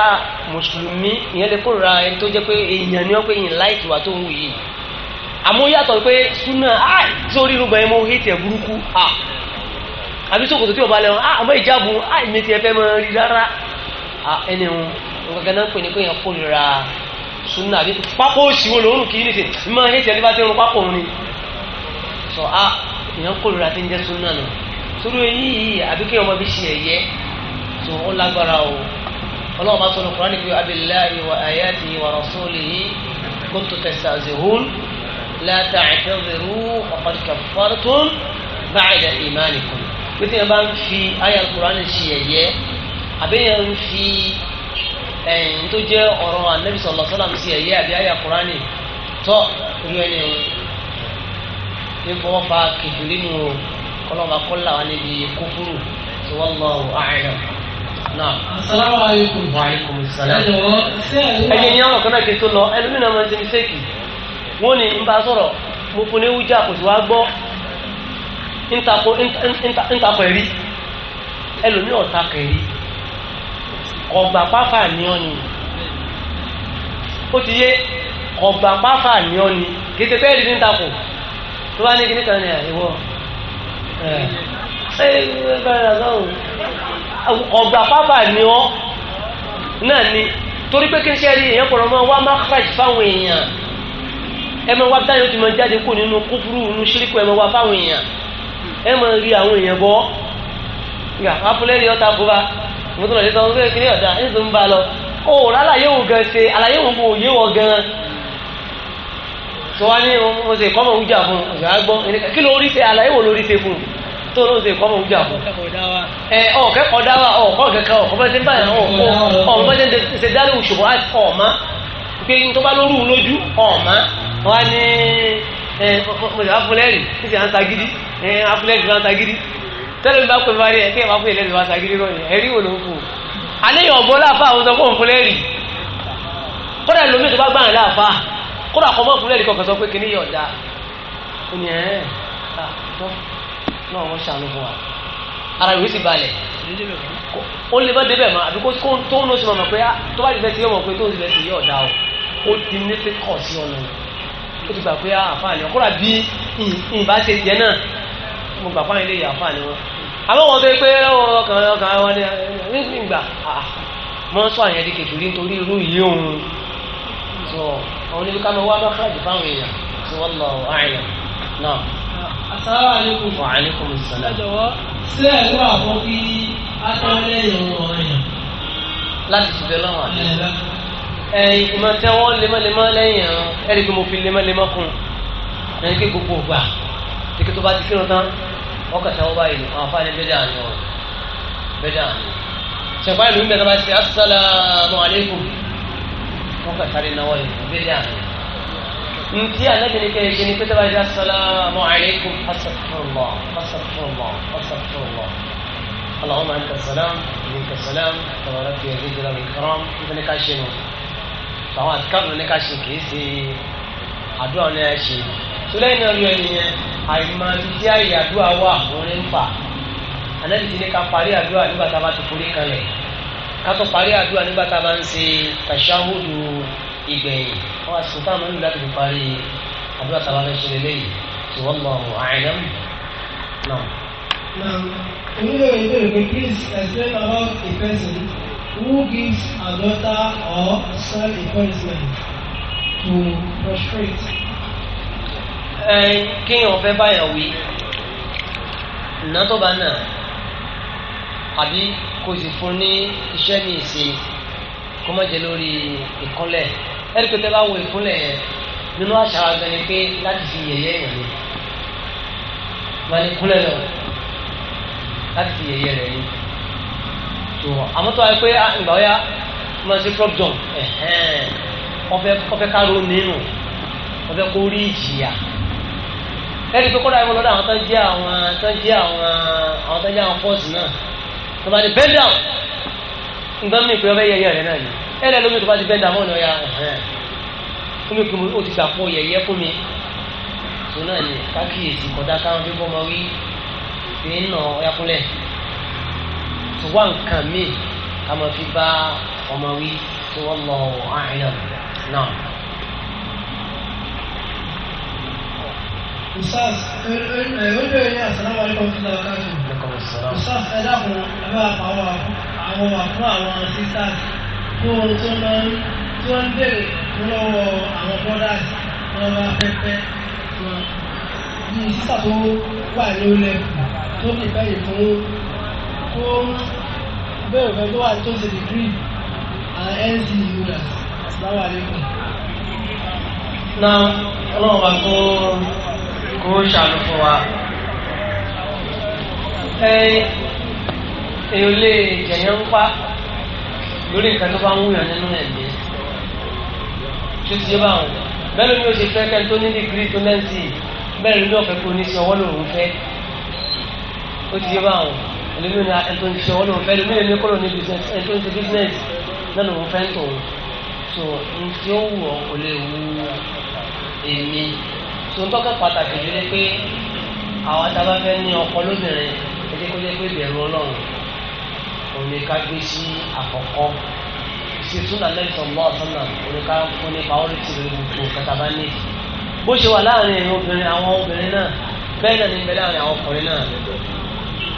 mùsùlùmí ìyẹn lè kórìíra ẹni tó jẹ́ pé èèyàn ni wọ́n pé èèyàn wà àmọ́ yàtọ̀ pé súnà áì sórí irúgbà yẹn mo hí tẹ̀ burúkú à àbí sókòtò tí ọba lẹ́wọ̀n à àmọ́ ìjáàbù áì mi ti ẹ fẹ́ mọ rí rárá à ẹni wọn nǹkan gánà ń pè ní pé yẹn kórìíra súnà àbí pápó òṣìwò lòórùn kì í nìsín mọ hí tẹ̀ nípa tí ń pápó òun ni sọ à ìyẹn kórìíra ti ń jẹ́ súnà nù sórí yìí àbí kí ọmọ bí ṣe ẹ̀yẹ tó ó lágbára o ọlọ́run bá sọ ní kúránì pé abillahi wa ayatihi wa rasulihi kuntu tastahzi'un la ta'tadhiru faqad kaffartum ba'da imanikum pété yẹn bá ń fi àyà kúránì ṣe ẹ̀yẹ àbẹ́yẹn ń fi ẹ̀yìn tó jẹ́ ọ̀rọ̀ anabi sallallahu alaihi wasallam ṣe ẹ̀yẹ àbí àyà kúránì tọ́ irú ẹni o ní fọwọ́ fa kìfìrí nu o kọlọ́ba kọ́lá wa níbi kúkúrú tí wọ́n lọ àìyàn náà. asalaamualeykum. wa aleykum salaam. ẹ̀jẹ̀ ni àwọn kan náà kì í tó lọ ẹlòmíràn máa ń ṣe mistake. wọ́n n'i n bá sọ̀rọ̀ mo fún ní wújà kò sí wá gbọ́ ntakọ̀ ẹ̀rí ẹlòmíì ọ̀tá kẹ̀rí ọ̀gbà páfà ní ọ́ ni ó ti yé ọ̀gbà páfà ní ọ́ ni kété pẹ́ẹ́ di ntakọ̀ tó bá ní kíní kan ní àríwọ̀ ọ̀gbà ọ́ náà ni torí pé kí n ṣe rí èèyàn ẹ máa wá táyọ̀ tí máa jáde kó nínú kúfúrú nínú ṣíríkù ẹ máa wá fáwọn èèyàn ẹ máa rí àwọn èèyàn bọ́ yà afúlẹ́rì ọ̀tá kóbá mo tún lọ sí sọ́wọ́n kékeré ọ̀tá ẹ̀ tó ń bá lọ ó rà àlàyé wò gan ṣe àlàyé wò kò yé wọ gan tó wá ní mo ṣe kọ́mọ̀ ń jà fún ọ̀gá gbọ́ kí ló rí ṣe àlàyé wò lórí ṣe fún tó ló ń ṣe kọ́mọ̀ ń jà fún. dá wa ọ̀kọ́ pé n tó bá lóru lójú ọ̀mọ́ wa ní ẹ afúlẹ́rì ní ti à ń ta gidi ẹ afúlẹ́rì ló ń ta gidi tẹ́lẹ̀ mi bá pè fún ẹ kí ẹ bá pè lẹ́nu wa ta gidi lọ yẹn ẹ̀rí wò ló ń fún un alẹ́ yọ̀ bọ́ láàfà àwọn sọ fún fúlẹ́rì kódà lómi tó bá gbà yàn láàfà kódà kọ́ mọ́ fúlẹ́rì kọ̀ọ̀kan sọ pé kíní yọ̀ dá ó ní ẹ̀ ẹ́ náà wọ́n ṣàánú fún wa ara ìwé sì balẹ̀ ó lè bá débẹ̀ mọ́ àbí kó tó ń lọ sí mọ̀ pé ah, tó bá ti fẹ́ ti yọ̀ mọ̀ pé tó ń ti fẹ́ ti yọ̀ dá o ó ti ní pé kọ̀ sí ọ̀nà ó ti gbà pé ah, àfààní ọ̀kọ́ra bí ìbá ṣe jẹ náà mo gbà fáwọn ilé àfààní wọn àmọ́ wọn tó pé ọkàn ọkàn wọn ní ìgbà mọ́ sọ àyẹ̀dí kékeré nítorí irú yìí òun sọ àwọn oníbi ká máa wá lọ́kàjì fáwọn èèyàn tí wọ́n lọ àìyàn náà. asalaamualeykum. wa aleykum salaam. ṣàjọwọ́ sílẹ̀ ló wà fún kí atọ́lẹ́yìn ọ̀rọ̀ yẹn. láti ṣiṣẹ́ lọ́wọ́ àti ẹ̀yìn ìmọ̀ tẹ́wọ́n lemọ́lemọ́ lẹ́yìn ẹ̀rọ ẹ̀rí pé mo fi lemọ́lemọ́ kún ẹ̀yìn pé gbogbo ògbà tẹ́kẹ́ tó bá ti kírun tán ọkàn tẹ́wọ́ báyìí ni àwọn afáàní bẹ́dà ni ọ̀ bẹ́dà ni ṣẹ̀pá ìlú mẹ́ta bá ti ṣe asálàmù alaykum ọkàn sáré náwó yìí bẹ́dà ni ntí alẹ́bìnrin kẹ́ ẹ̀ṣẹ́ ni pẹ́tẹ́ bá ti asálàmù alaykum asàfùrùmọ̀ asàfùrùmọ̀ asàfùrùmọ̀ اللهم انت السلام ومنك السلام تبارك يا ذي الجلال والاكرام انت لك عشان àwọn àtikáàbù ní ká ṣe kìí ṣe àdúrà ní ẹ ṣe tó lẹ́yìn ẹnìyẹn àìmọ̀ àyè àdúrà wà orin ń fà ànábì ti ní ká parí àdúrà nígbà tá a bá ti forí kanlẹ̀ ká tó parí àdúrà nígbà tá a bá ń ṣe tàṣáhùdù ìgbẹ̀yìn wọn àti táwọn olùdá ti fi parí àdúrà tá a bá fẹ́ ṣe lélẹ́yìn tí wọ́n mọ àìyàn náà. Now, onílé ìbéèrè pé please explain about the person who gives a daughter or son a punishment to prostrate. kéèyàn fẹ́ báyàn wí iná tó bá nà àbí kò sì fún ní iṣẹ́ ní ìsìn kó má jẹ lórí ìkúnlẹ̀ ẹ̀rí pé tẹ́ bá wo ìkúnlẹ̀ yẹn nínú àṣà àgbẹ̀ ni pé láti fi yẹ̀yẹ́ yẹn ni wọ́n ní kúnlẹ̀ lọ láti fi yẹ̀yẹ́ rẹ̀ ni. tó àmọ́ tó wáyé pé ah, ya ọ̀yá máa ṣe crop jump ọ̀fẹ́ káró nínú ọ̀fẹ́ kó rí ìjìyà ẹni pé kọ́dà ìwọ̀n lọ́dọ̀ àwọn tó ń jẹ́ àwọn bend down nǹkan mi pé ọ̀fẹ́ yẹyẹ rẹ̀ náà ni ẹ̀rẹ́ lómi tó bá ti bend down mọ́ ọ̀nà ọ̀yà fún mo wá nǹkan míì ká máa fi bá ọmọ wí tí wọ́n lọ àìyàn náà. Ustaz, olóyè ní àsàlámù alaykum tó lọ káàkiri. Ustaz, ẹ dákun ẹ bá àwọn àwọn àfún àwọn sisters tó tó máa ń tó ń bèrè lọ́wọ́ àwọn brothers wọn bá pẹ́pẹ́ wọn. Bí sísà tó wà lórí ẹ̀ tó lè bẹ̀rẹ̀ fún ó bẹ̀rẹ̀ pẹ̀lú wà tó ṣe dìgírì ndu uh, asalaamualeykum. na ọlọ́run bá kó kó ṣàánú fún wa. ẹ èèyàn lè jẹ̀yàn ń pa lórí nǹkan tó bá ń wúyàn nínú ẹ̀mí tó ti yé báwọn bẹ́ẹ̀ ni o ṣe fẹ́ kẹ́ni tó ní dìgírì tó náà bẹ́ẹ̀ ni o fẹ́ kó ní sí ọwọ́ lòun fẹ́ ó ti yé báwọn ẹlòmíràn ní ẹni tó ń ṣe ọlọ́run fẹ́ ẹlòmíràn ní kọ́lọ̀ ní business ẹni tó ń ṣe business náà lòun fẹ́ ń tọ̀ ọ́ so n tí ó wù ọ́ kò lè wu èmi so n tọ́ka pàtàkì jù lé pé àwọn adábá fẹ́ ní ọkọ lóbìnrin ẹjẹ́ kó jẹ́ pé ìbẹ̀rù ọlọ́run òun ni ká gbé sí àkọ́kọ́ ìṣètò lálẹ́ ìsọ̀mọ́ ọ̀sánà òun ni ká fún ní pàórítì lórí gbogbo kẹta bá ní bó ṣe wà láàrin obìnrin àwọn obìnrin náà bẹ́ẹ̀ náà ni bẹ́ẹ̀ láàrin àwọn ọkùnrin náà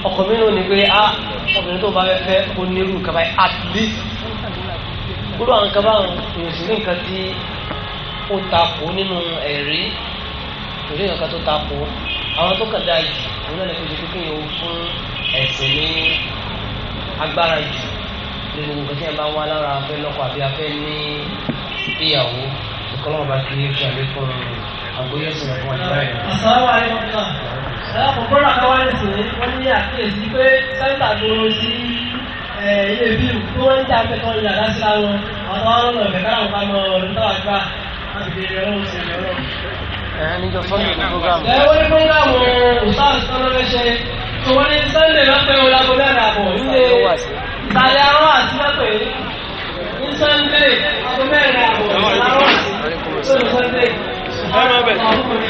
ọkọ̀ mi ò ní pé á ah, obìnrin tó bá fẹ́ fẹ́ kó ní irú kaba yìí at least gbúdọ̀ àwọn kaba yóò sì ní nǹkan tí ó takò nínú ẹ̀rí torí nǹkan tó takò àwọn tó kàdá yìí òun náà lè fi dùkú kéèyàn ó fún ẹ̀sìn ní agbára jù lórí gbogbo tí yẹn bá ń wá lára afẹ́ lọ́kọ̀ àbí afẹ́ ní ìyàwó ìkọlọ́mọba kì í fi àlékún àgbóyèsí rẹ̀ fún àjọ rẹ̀. àsàlámù aláìkùm ẹ̀rọ bọ́lá kan wá lẹ́sìn wọ́n ní àkíyèsí pé sẹ́ńtà gbòòrò sí ilé bíi tó wọ́n ń ta akẹ́kọ̀ọ́ ní àdásílá wọn àwọn àwọn ọ̀nà ọ̀fẹ́ káwọn ká mọ ọ̀rọ̀ nípa àgbà láti fi ẹ̀rọ òṣèlú ọ̀rọ̀. ẹ̀rọ níjọ sọ́ọ̀nù ní programu. ẹ wọ́n ní programu ọ̀sán sọ́nọ́fẹ́ṣẹ́ tó wọ́n ní sunday lọ́pẹ́ wọn lágbo mẹ́rin àbọ̀ nílé ìtàlẹ́ arọ́ àti lọ́pẹ́ ní sunday àgbo mẹ́rin àbọ̀